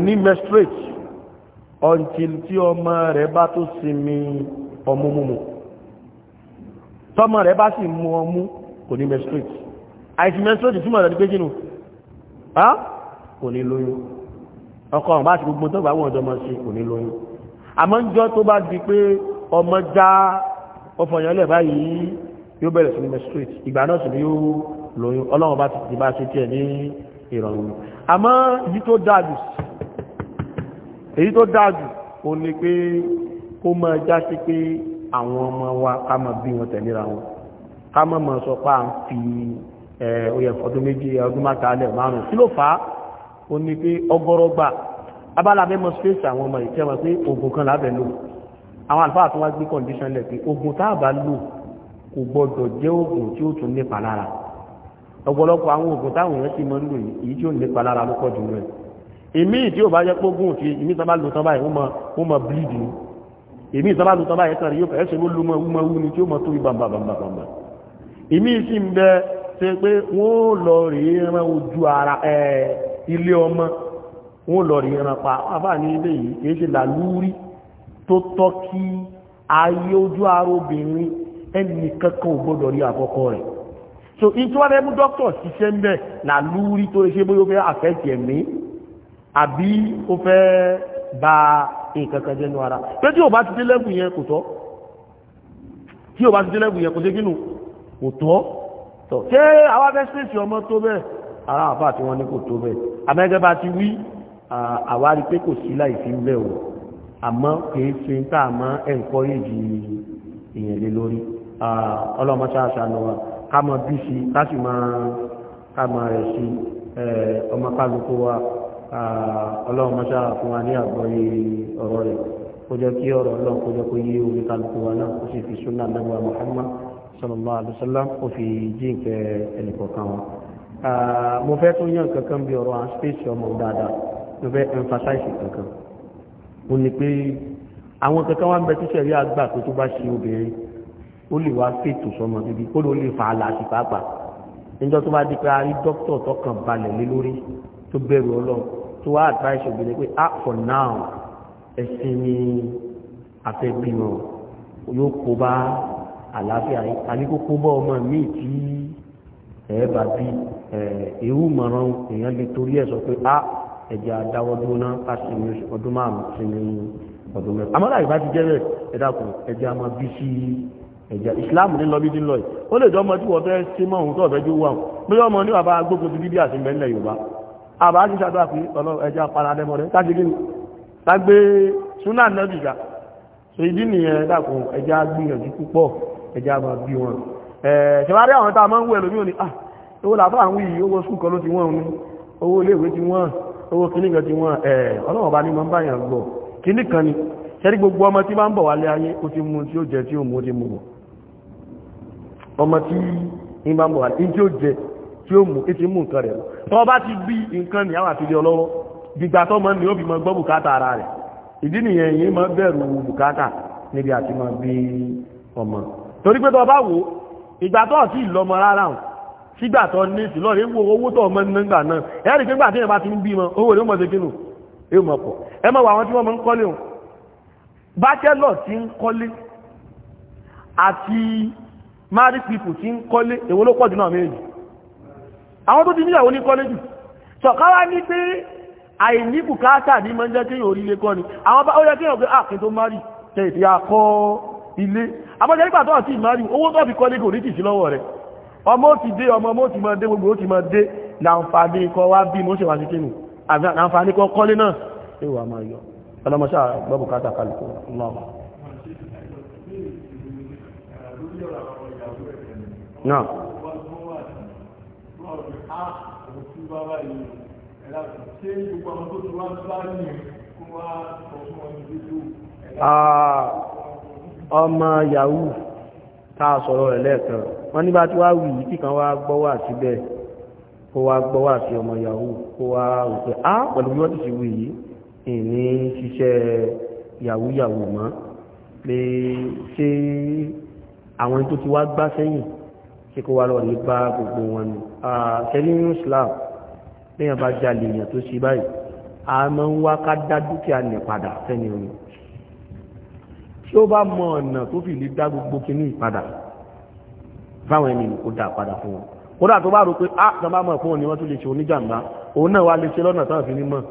ẹ̀ until tí ọmọ rẹ̀ bá tó sinmi ọmú múmu tọ́mọ rẹ̀ bá sì mú ọmú kò ní menstruate àìsí menstruate túnmọ̀ rẹ̀ ní pé jínú kò ní lóyún ọkọ ọ̀n bá ti gbogbo tó bá wọ́n ọjọ́ máa ṣe kò ní lóyún àmọ́ jọ́ tó bá di pé ọmọ já ọfọ̀yànlẹ̀ báyìí yóò bẹ̀rẹ̀ sí ní menstruate ìgbà náà sì ni yóò lóyún ọlọ́run bá ti bá ṣe tiẹ̀ ní ìrọ̀rùn àmọ́ yí tó dáa jù sí èyí tó dájú o ní pé kó mọ́ já sí pé àwọn ọmọ wa ká mọ́ bí wọn tẹ̀léra wọn ká mọ́ mọ́ sọ pé à ń fi oyè ọdún méjì ọdún mẹ́ta lẹ̀ márùn kí ló fà á o ní pé ọgọ́rọ́ gbà abala mẹ́mọ́ space àwọn ọmọ yìí tẹ́wọ́n pé oògùn kan lábẹ́ lò àwọn àlùfáà tó wá gbé condition lẹ̀ pé oògùn tá a bá lò kò gbọdọ̀ jẹ́ oògùn tí ó tún nípa lára ọ̀pọ̀lọpọ̀ àwọn oògùn táwọn èèyàn ti mọ́ ń lò yìí tí ó nípa lára ló pọ̀ jù lọ èmi tí ó bá jẹ́ pé gùn fi ìmí tán lò tán báyìí ó mọ bíìdì yóò ló lu wú ni tí ó mọ tóbi bàbàbàbàbà èmi sì ń bẹ́ ṣe pé wọ́n lọ ojú ara pa ní ilé yìí ṣe làlúrí tó tọ́ kí ayé ojú ara obìnrin ẹnì so ìtúwárẹ́mú dókítà ṣiṣẹ́ ń bẹ̀ làlúrí tó ṣe bóyá fẹ́ àbí ó fẹ́ ba nǹkan kan jẹ́nu ara pé tí o bá ti dé lẹ́bù yẹn kò tọ́ tí o bá ti dé lẹ́bù yẹn kò tẹ́ kínú kò tọ́ tọ́ ṣé àwa fẹ́ ṣèṣì ọmọ tó bẹ́ẹ̀ ara àfà tí wọ́n ní kò tó bẹ́ẹ̀ amẹ́gẹ́ bá ti wí àwa pé kò sí láì ń bẹ̀ àmọ́ kìí ṣe ń tà mọ́ ẹ̀ńkọ́rẹ́jì èèyàn lé lórí ọlọ́mọṣáṣánu ọlọ́run mọ́ṣá fún wa ní àgbọ́yé ọ̀rọ̀ rẹ̀ kó jẹ́ kí ọ̀rọ̀ ọlọ́run kó jẹ́ kó yé orí kálukú wa náà kó sì fi súnà lẹ́gbàá Muhammad sallallahu alaihi wasallam kó fi jí nǹkẹ́ ẹnìkọ̀ọ̀kan wa. mo fẹ́ tó yàn kankan bí ọ̀rọ̀ àwọn space ọmọ dáadáa mo fẹ́ emphasize kankan mo ní pé àwọn kankan wa ń bẹ tí sẹ̀rí àgbà tó tó bá ṣe obìnrin ó lè wá fètò sọmọ bíbí kó ló lè fà á láti pàápàá níjọ́ tó bá di pé a rí dókítà tó kàn balẹ̀ lé lórí tó bẹ̀rù ọlọ́run tó wá advice obìnrin pé ah for now ẹ̀sìn ni àfẹ́bímọ yóò kó bá àlàáfíà yìí àníkókó bá ọmọ mi tí ẹ bá bí ewu mọ̀ràn èèyàn lè torí ẹ̀ sọ pé ah ẹ̀jẹ̀ àdáwọ́ dúná pàṣẹ ọdún márùn-ún sí ní ọdún mẹ́rin àmọ́ láì bá ti jẹ́ bẹ́ẹ̀ ẹ dákun ẹ̀jẹ̀ a máa bí sí ẹ̀jẹ̀ Islam ní lọ bí dín lọ yìí ó lè jọ ọmọ tí wọ́n fẹ́ sí mọ́ òun tó ọ̀fẹ́ jó wà bóyá ọmọ ní bàbá bíbí àti mẹ́lẹ̀ Yorùbá àbá ti ṣàdọ́ àfi ọlọ́run ẹja para lẹ́mọ̀ rẹ̀ káàkiri ní lágbé súnà nẹ́bì ga so ìdí nìyẹn dàkùn ẹja gbìyànjú púpọ̀ ẹja máa bí wọn ṣẹwárí àwọn tá a máa ń wú ẹlòmí òní ah owó làbá àwọn yìí owó skul kan ló ti wọ́n ní owó iléèwé ti wọ́n owó kìíní kan ti wọ́n ọlọ́run ọba ní máa ń bá yàn gbọ́ kìíní kan ni ṣẹ́rí gbogbo ọmọ tí máa ń bọ̀ wálé ayé ó ti mú tí ó jẹ tí ó tí ó jẹ tí ó mú ètí mú nǹkan rẹ̀ lọ tó bá ti bí nǹkan ní àwọn àfihàn ọlọ́wọ́ gbígbà tó mọ́ ní ó fi mọ́ gbọ́ bùkátà ara rẹ̀ ìdí nìyẹn yìí mọ́ bẹ̀rù bùkátà níbi àti mọ́ bí ọmọ torí pé tó bá wò ìgbà tó sì lọmọ rárá hàn sígbà tó ní ìsìlọ́rẹ̀ wo owó tó ọmọ nígbà náà ẹ̀rì pé gbà tí ìyẹn bá ti ń bímọ owó ló mọ̀ sí kínú yóò mọ̀ pọ̀ ẹ mọ̀ wà àwọn tí wọ́n mọ̀ ń kọ́lé hàn bákẹ́lọ̀ tí ń kọ́lé àti married people tí ń kọ́lé èwo ló pọ̀ jù náà méjì àwọn tó ti níyàwó ní kọ́lé jù sọ̀káwá ní pé àìní bùkátà ní mọ́ jẹ́ kéyàn orílé kọ́ ni àwọn bá ó yẹ kéyàn pé àkín ah, tó márì tẹ ìdí akọ́ ilé abọ́jẹ́ nígbà tó àti ìmárì owó tó fi kọ́lé kò ní tìsí lọ́wọ́ rẹ̀ ọmọ ti dé ọmọ mo ti mọ dé gbogbo ó ti mọ dé láǹfààní kọ wá bí mo ṣe wá sí kéyàn láǹfààní kọ kọ́lé náà ẹ wà máa yọ ọlọmọṣà gbọ́ bùkátà kálukú náà náà Ah, àwọn tí ah, ọmọ yahoo tá a sọ̀rọ̀ rẹ̀ lẹ́ẹ̀kan wọ́n ní bá tí wá wì yìí kan wá gbọ́ wà síbẹ̀ kó wá gbọ́ sí ọmọ yahoo kó wá rò pé á ah, pẹ̀lú bí wọ́n ti ṣe wì ìní ṣiṣẹ́ yahoo yahoo mọ́ pé ṣé àwọn tó ti wá gbá sẹ́yìn tí kó wá lọ ní gbogbo wọn nù àtẹ́lẹ́ ní Islam lẹ́yìn bá jalè èèyàn tó ṣe báyìí a máa ń wá ká dá dúkìá nì padà fẹ́ni omi tí ó bá mọ ọ̀nà tó fi lè dá gbogbo kinní padà fáwọn ẹni kó dá padà fún wọn kódà tó bá rò pé ah tó bá mọ̀ fún wọn ni wọ́n tún lè ṣe oníjàmbá òun náà wá lè ṣe lọ́nà táwọn fi ní mọ̀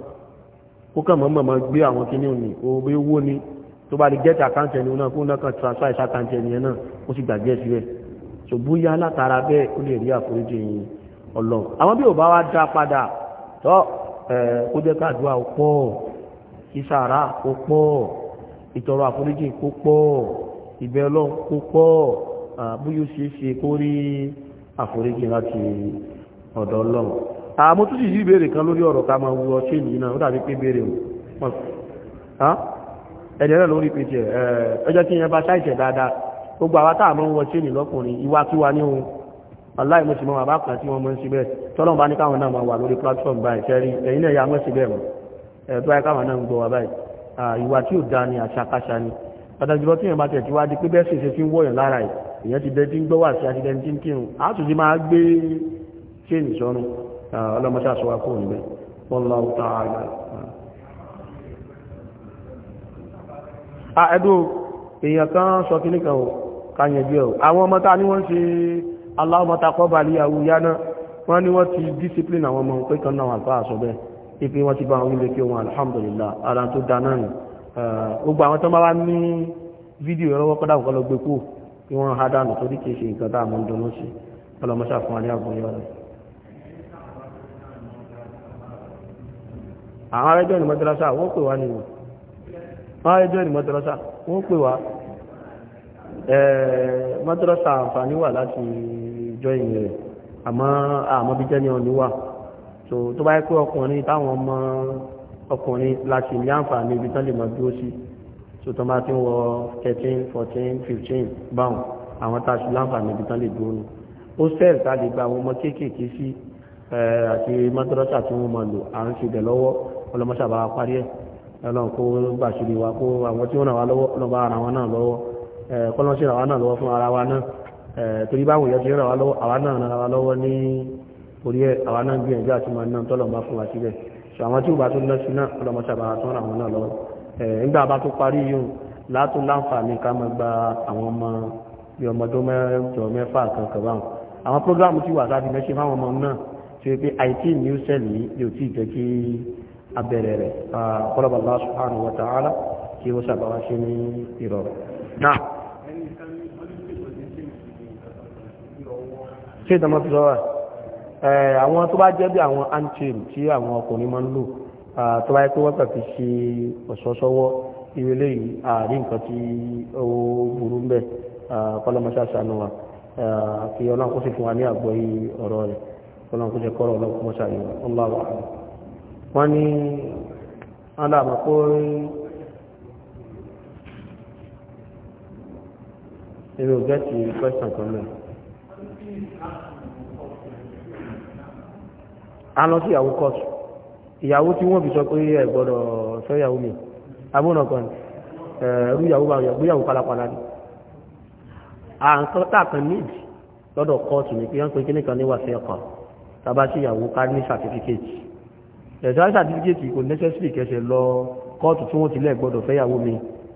ó kàn mọ́ mọ́ gbé àwọn kinní òní owó ni tó bá lè gẹ́tì àkáǹtì ẹni náà kó náà kàn transfer ìṣàkáǹtì ẹni náà ó sì gbàgbé ẹ̀ so bóyá látara bẹ́ẹ̀ ó lè rí àforíjì yìí ọlọ́run àwọn bí ò bá wá dá padà tọ́ ó jẹ́ káàdùá ó pọ̀ ìsàrà ó pọ̀ ìtọrọ àforíjì kó pọ̀ ìbẹ̀ ọlọ́run kó pọ̀ bóyá ó ṣeé ṣe kó rí àforíjì láti ọ̀dọ̀ ọlọ́run àmọ́ tó sì yí kan lórí ọ̀rọ̀ ká máa wu ọṣẹ́ yìí náà ó dàbí pé béèrè ẹ̀dẹ̀rẹ̀ lórí pèjẹ̀ ẹjọ́ tí yẹn bá ṣáìṣẹ̀ dáadáa gbogbo àwọn táàmù ń wọ chain lọ́kùnrin ìwàkiwà ní ohun aláìmọ̀sí mọ́ àbá kan tí wọ́n mọ́ ń síbẹ̀ tọ́lọ́mù bá ní káwọn náà wà lórí platform báyìí sẹ́rí ẹ̀yin náà ya mọ́ síbẹ̀ mọ́ ẹ̀ẹ́dọ́ ayé káwọn náà ń gbọ́ ni àṣàkáṣà ni pàtàkì jùlọ tí èèyàn bá tẹ̀ tí wáá di pé bẹ́ẹ̀ sì ṣe fi ń wọ̀yàn lára ẹ̀ èèyàn ti dẹ́tí ń gbọ́ wà sí àtidẹ́ntí ń kírun sọ wa kúrò kan sọ káyẹ̀bí ẹ̀ àwọn ọmọ ta ni wọ́n ṣe Allahumma taqabbal awuyana wọ́n ní wọ́n ti discipline àwọn ọmọ pé kan náà àgbà àṣọ bẹ́ẹ̀ ipe wọ́n ti bá wọn ilé kí wọn alhamdulillah ara tó dáná nì eh, gbogbo àwọn tó máa ní fídíò ìrọwọ́ kọ́dà kọ́ lọ gbé kú kí wọ́n há dànù torí kìí ṣe nǹkan tá a mọ̀ ń dọ́nà sí ọlọ́mọṣà fún wa ní àgbọ̀nyọ́ rẹ̀ àwọn arẹ́jọ́ ìmọ̀tẹ́lásà wọ́n pè wá nìyẹn àwọn arẹ́jọ́ ìmọ̀tẹ́lásà wọ́n pè wá mọ́tọ́rọ́sà àǹfààní wà láti jọ ìrìn rẹ̀ àmọ́ àmọ́bí jẹ́ ní ọ̀nì wà tó bá yẹ pé ọkùnrin táwọn ọmọ ọkùnrin láti ní àǹfààní ibi tán lè mọ̀ dúró sí tó tán bá ti ń wọ 13 14 15 báwọn àwọn tá a sì láǹfààní ibi tán lè dúró ní hostel tá a lè gba àwọn ọmọ kéékèèké sí àti mọ́tọ́rọ́sà tí wọ́n mọ̀ lò à ń ṣe bẹ̀ lọ́wọ́ ọlọ́mọṣàbá parí ẹ̀ ọlọ́run kó gbàṣírí wa kó àwọn tí wọ́n náà wá lọ́wọ́ ọlọ́ba ara wọn náà lọ́wọ́ Eh, kọ́lọ́ṣẹ́ àwa náà lọ́wọ́ fún ara wa náà eh, torí báwọn èèyàn ti rẹ̀ àwa náà ràn wa lọ́wọ́ ní orí ẹ̀ àwa náà gbìyànjú àti máa náà tọ́lọ̀ bá fún wa síbẹ̀ so àwọn tí ò bá tó lọ sí náà ọlọ́mọṣẹ́ àbára tó ràn wọn náà lọ́wọ́ eh, nígbà bá tó parí yóò látún láǹfààní ká máa gba àwọn ọmọ bí ọmọdún mẹ́jọ mẹ́fà kankan báwọn àwọn prógráàmù tí wà láti mẹ́ṣe fáwọn ọmọ kí ah, subhanahu wa ta'ala kí ó sàbáwá ṣe ní ìrọ̀rùn náà ṣé ìtàmọ́ ti sọ́wọ́ àwọn tó bá jẹ́ bí àwọn antrim tí àwọn ọkùnrin máa ń lò tó bá yẹ pé wọ́n kà fi ṣe ọ̀ṣọ́ṣọ́wọ́ irú eléyìí àárín nǹkan tí ó burú ń bẹ̀ kọ́lọ́mọṣá ṣàánú wa kí ọlọ́run kó sì fún wa ní àgbọ́yé ọ̀rọ̀ rẹ̀ ọlọ́run kó jẹ́ kọ́rọ̀ ọlọ́run kó mọ́ṣá yìí ọlọ́run wọn ní aláàmọ́ pé èrò gẹ́ẹ̀tì pẹ́sàn kan náà a lọ sí ìyàwó kọ́ọ̀tù ìyàwó tí wọ́n fi sọ pé ẹ gbọ́dọ̀ fẹ́yàwó mi abúnàkan ẹ̀rú ìyàwó bá gbéyàwó pálapàla ni à ń sọ táàkan nídìí lọ́dọ̀ kọ́ọ̀tù ní pé wọ́n pe kíníkan ní wàṣẹ́ ọkọ̀ tàbá sí ìyàwó ká ní sàtífíkẹ́tì ẹ̀sán sàtífíkẹ́tì kò nẹ́sẹ̀sìrì kẹsẹ̀ lọ kọ́ọ̀tù tí wọ́n ti lẹ́ gbọ́dọ̀ fẹ́yàwó mi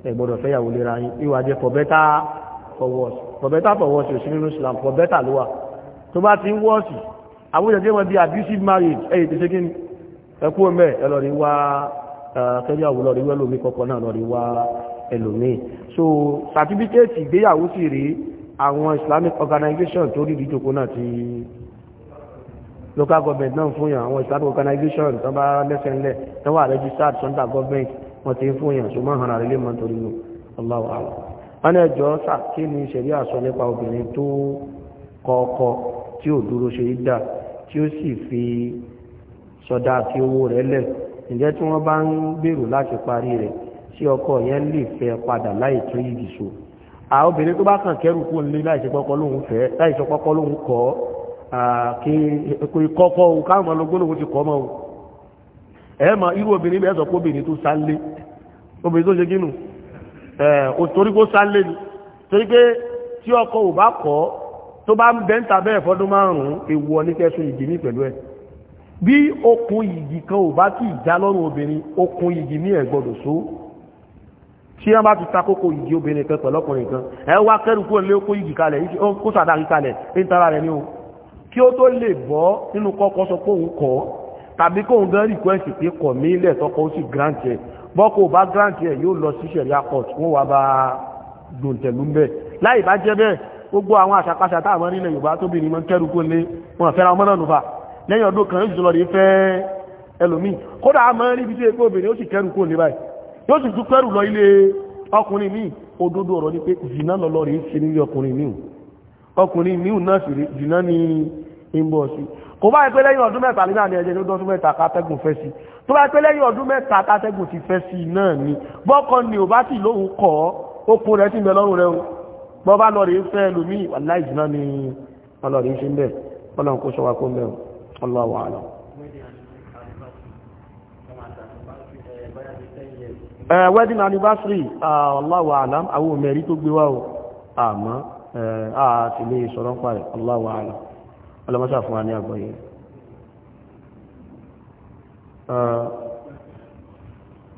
ẹ gbọ́dọ̀ fẹ́yàwó lera yín ìwà jẹ́ for better for worse for better for worse òsì Islam for better ló wà tó bá ti ń wọ́ọ̀sì àwọn ìjọdé wọn abusive marriage ẹ̀yìn ti ṣe kí ni ẹkú ọmọ ẹ̀ lọ́rí wá kẹ́yàwó lọ́rí wá ẹlòmí kọ́kọ́ náà lọ́rí wá ẹlòmí so certificate ìgbéyàwó sì rí àwọn Islamic organization tó rí ìdíjòkó náà ti local government náà fún yàn àwọn Islamic organization tó bá lẹ́sẹ̀ ńlẹ̀ tó wà registered under government wọ́n ti ń fún yàn ṣùgbọ́n hàn àrílé mọ́ torí lò Allahu a'lam wọ́n ní ẹjọ́ sà kí ni ìṣẹ̀lẹ̀ àsọ nípa obìnrin tó kọ tí ò dúró ṣe é dà tí ó sì fi sọdá àti owó rẹ̀ lẹ̀ ǹjẹ́ tí wọ́n bá ń gbèrò láti parí rẹ̀ tí ọkọ yẹn lè fẹ́ padà láì tún yìí dìṣó àwọn obìnrin tó bá kàn kẹ́rù kó nílé láì ṣe pọ́kọ́ lóhun fẹ́ láì ṣe pọ́kọ́ lóhun kọ́ kí kọ́kọ́ ohun káwọn ọmọ ológun lòun ti kọ́ mọ́ ohun ẹ̀ mọ irú obìnrin bẹ́ẹ̀ sọ pé obìnrin tó sálé obìnrin tó ṣe gínú ẹ̀ torí kó sálé ni torí pé tí ọkọ ò bá kọ́ tó bá ń bẹ́ńtà bẹ́ẹ̀ fọ́dún márùn-ún ewu ọ ní kẹsùn ìdí ní pẹ̀lú ẹ̀ bí okùn ìgì kan ò bá tí ìjà lọ́rùn obìnrin okùn ìgì ní ẹ̀ gbọ́dọ̀ tí wọ́n bá ti ta ìgì obìnrin kan pẹ̀lú kan ẹ wá kẹ́rù kúrò lé o kí ó tó lè bọ́ nínú kọ́kọ́ sọ pé òun kọ́ tàbí kóun gan request pé kọ̀ mí lẹ̀ bọ́kọ̀ bá grant ẹ̀ yóò lọ sí sẹ̀ríà court wọ́n wá bá gbòǹtẹ̀lú ń bẹ̀ láì bá jẹ́ bẹ́ẹ̀ gbogbo àwọn àṣàkáṣà táwọn nílẹ̀ yorùbá tó bìnrin máa ń kẹ́rù kó lé wọn fẹ́ra ọmọ náà nùfà lẹ́yìn ọdún kan yóò sì lọ rí fẹ́ ẹlòmíì kódà a máa ń rí bí pé obìnrin ó sì kẹ́rù kó lé báyìí yóò sì tún kẹ́rù lọ ilé ọkùnrin míì òdodo ọ̀rọ̀ ni pé zina lọ́lọ́ rí ṣe nílé ọkùnrin míì ọkùnrin míì zina ni ìbọ̀ sí kò bá ìpé lẹ́yìn ọdún mẹ́ta nígbà ní ẹjẹ́ ní ọdún mẹ́ta kátẹ́gùn fẹ́ sí tó bá ìpé lẹ́yìn ọdún mẹ́ta kátẹ́gùn ti fẹ́ sí náà ni bọ́kọ ni ò bá sì lóhun kọ́ okun rẹ̀ sì ń bẹ lọ́rùn rẹ̀ bọ́ bá lọ rí fẹ́ lómi aláìsí náà ni wọ́n lọ rí ṣe ń bẹ̀ ọlọ́run kó sọ wa kó ń bẹ̀ Allahu a'lam. wedding anniversary Allahu a'lam àwọn òmẹ̀rí tó gbé wá o àmọ́ ọlọ́mọ́sá fún wa ní àgbọ́yé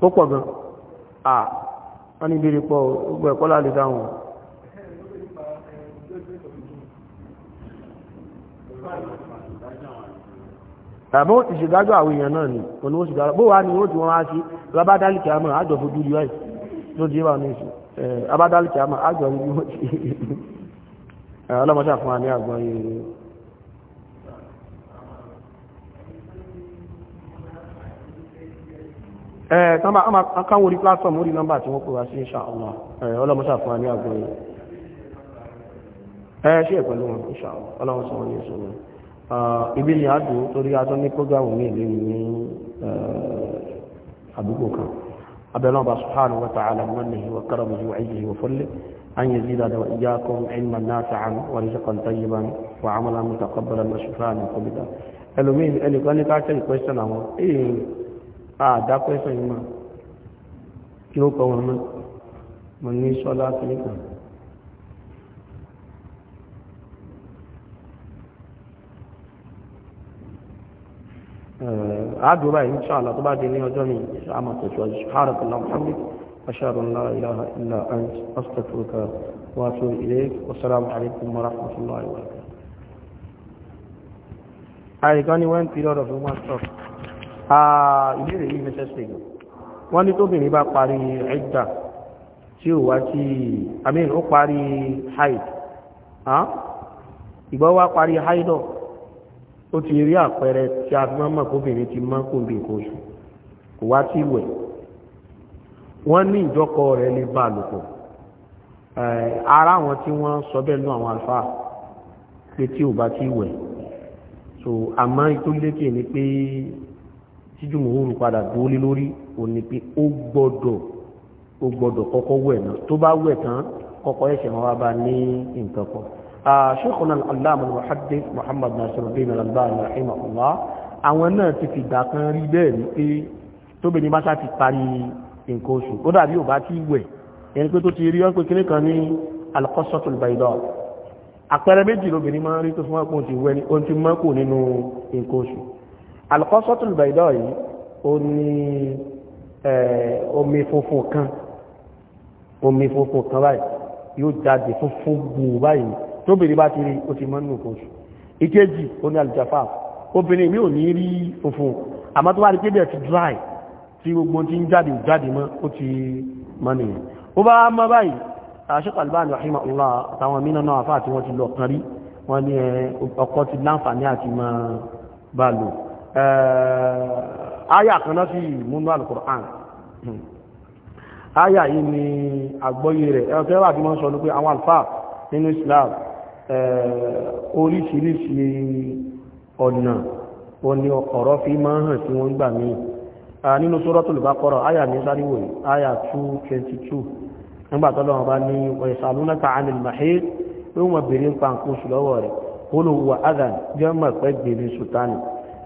ó pọ̀ gan à wọ́n ní ìbírí pọ̀ gbogbo ẹ̀kọ́ láti dáhùn àbọ̀ ó ti ṣèdájọ́ àwọn èèyàn náà ni òní ó ṣèdájọ́ bó wá ní ó ti wọ́n wá sí rabádálìkì àmọ́ àjọ̀fojú rí wáyé ló di wà ní ìṣù rabádálìkì àmọ́ àjọ̀fojú rí wọ́n ti ọlọ́mọ́sá fún wa ní àgbọ́yé Eh, tán bá akáwò orí platform orí nọ́mbà tí wọ́n pè wá sí insha Allah eh, ọlọ́mọsá fún wa ní àgbọ̀n yìí eh, ẹ ṣe pẹ̀lú wọn insha Allah ọlọ́mọsá wọn ní ìṣòro ibi ni àdó torí atọ́ ní program ní ìlú ní àdúgbò kan abẹ́lọ́n bá subhanahu wa ta'ala mannihi wa karamihi wa ayyihi wa fadlihi an yazidana wa iyyakum ilman nafi'an wa rizqan آدابِ فہمہ کیوں کہوں ہمیں منی صلات نہیں کرنا آدھو بھائی انشاءاللہ تو بات دینے ہو جو نہیں آمد تو جو حارت اللہ محمد اشار اللہ الہ الا انت استفرک واتور اليك والسلام علیکم ورحمت اللہ وبرکاتہ آئے گانی وین پیرو رفو ماسٹر ìbéèrè yìí necessary wọ́n ní tóbìnrin bá parí ẹ̀dà tí ó wá tí àmín ó parí haid ìgbọ́ wá parí haidọ̀ ó ti rí àpẹẹrẹ tí a mọ́ mọ̀ kóbìnrin ti mọ́ kó bí kó ṣù kò wá tí wẹ̀ wọ́n ní ìjọkọ rẹ̀ lè bá lòpọ̀ ara àwọn tí wọ́n sọ bẹ́ẹ̀ lọ àwọn àlfáà pé tí ò bá tí wẹ̀ so àmọ́ ìtúlékè ni pé tíjú mòórù padà dúró lé lórí òní pé ó gbọ́dọ̀ ó gbọ́dọ̀ kọ́kọ́ wẹ̀ náà tó bá wẹ̀ tán kọ́kọ́ ẹ̀ṣẹ̀ wọn wá bá ní nǹkan kan. Sheikhuna al-Allama al-Muhaddith Muhammad Nasiruddin al-Albani rahimahullah àwọn náà ti fìgbà kan rí bẹ́ẹ̀ ni pé tóbìnrin bá sá ti parí nǹkan oṣù ó dàbí ò bá ti wẹ̀ ẹni pé tó ti rí ọ́n pé kíní kan ní al-qassatul àpẹẹrẹ méjì lóbìnrin máa ń rí tó fún ọkùnrin ti wẹ̀ ni ó ti mọ́kù nínú nǹkan oṣù alkọ́sọ́tùl bẹ̀dọ̀ yìí ó ní omi funfun kan omi funfun kan báyìí yóò jáde funfun gbùn báyìí tóbìnrin bá ti rí ó ti mọ́nù oṣù ìkejì ó ní alìjàfà obìnrin mi ò ní rí funfun àmọ́ tó wá rí pé bẹ́ẹ̀ ti dry tí gbogbo ti ń jáde jáde mọ́ ó ti mọ́ nìyẹn ó bá mọ́ báyìí Sheikh Albani rahimahullah àtàwọn mìíràn náà àfáà tí wọ́n ti lọ kan rí wọ́n ní ọkọ̀ ti láǹfààní àti máa bá lò àyà eh, kan sí ìmúnú àyà yìí ni àgbọ́yé rẹ̀ ẹ̀kẹ́ wà wọ́n sọ ní pé àwọn n'inu nínú Islam eh, oríṣiríṣi ọ̀nà òní ọ̀rọ̀ fi máa hàn tí wọ́n gbà míì nínú Suratul Baqara àyà ní sáríwò àyà 222 nígbàtọ́lọ́ bá ní yasalunaka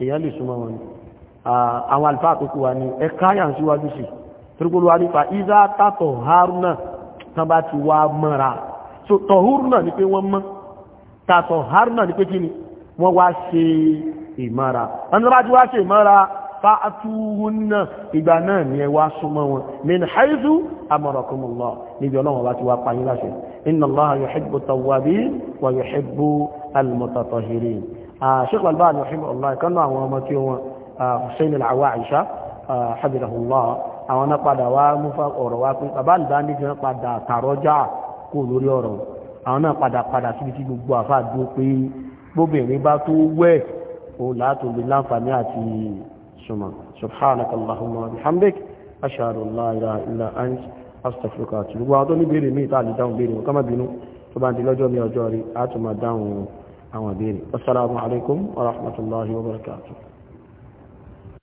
èèyàn lè súnmọ́ wọn ni àwọn àlùfáà tó kú wa ni ẹ káyà ń síwájú sí torípolówá nípa ìzá tàtọ̀ haruna tán bá ti wá mọ́ra so tọ̀húrúnà ni pé wọ́n mọ́ tàtọ̀ haruna ni pé kí ni wọ́n wá ṣe ìmọ́ra ẹni bá ti wá ṣe ìmọ́ra fa'atuhunna ìgbà náà ni ẹ wá súnmọ́ wọn min haizu Sheikh Al-Albani rahimahullah kan náà àwọn ọmọ tí wọn Hussein al-Awaisha habibullah àwọn náà padà wá mú fún ọ̀rọ̀ wá pé bàbá Al-Albani ti padà tààrọ́jà kó lórí ọ̀rọ̀ àwọn náà padà padà síbi tí gbogbo àfáà dúró pé gbóbìnrin bá tó wẹ̀ òun látò lè láǹfààní àti sùnmọ̀ subhanaka allahumma bihamdik ashhadu an la ilaha illa ant astaghfiruka àti gbogbo àwọn tó ní béèrè míì tá a lè dáhùn béèrè wọn ká má bínú tó bá ń di lọ́jọ́ mi ọjọ́ rí a tún máa dáhùn أوامري والسلام عليكم ورحمة الله وبركاته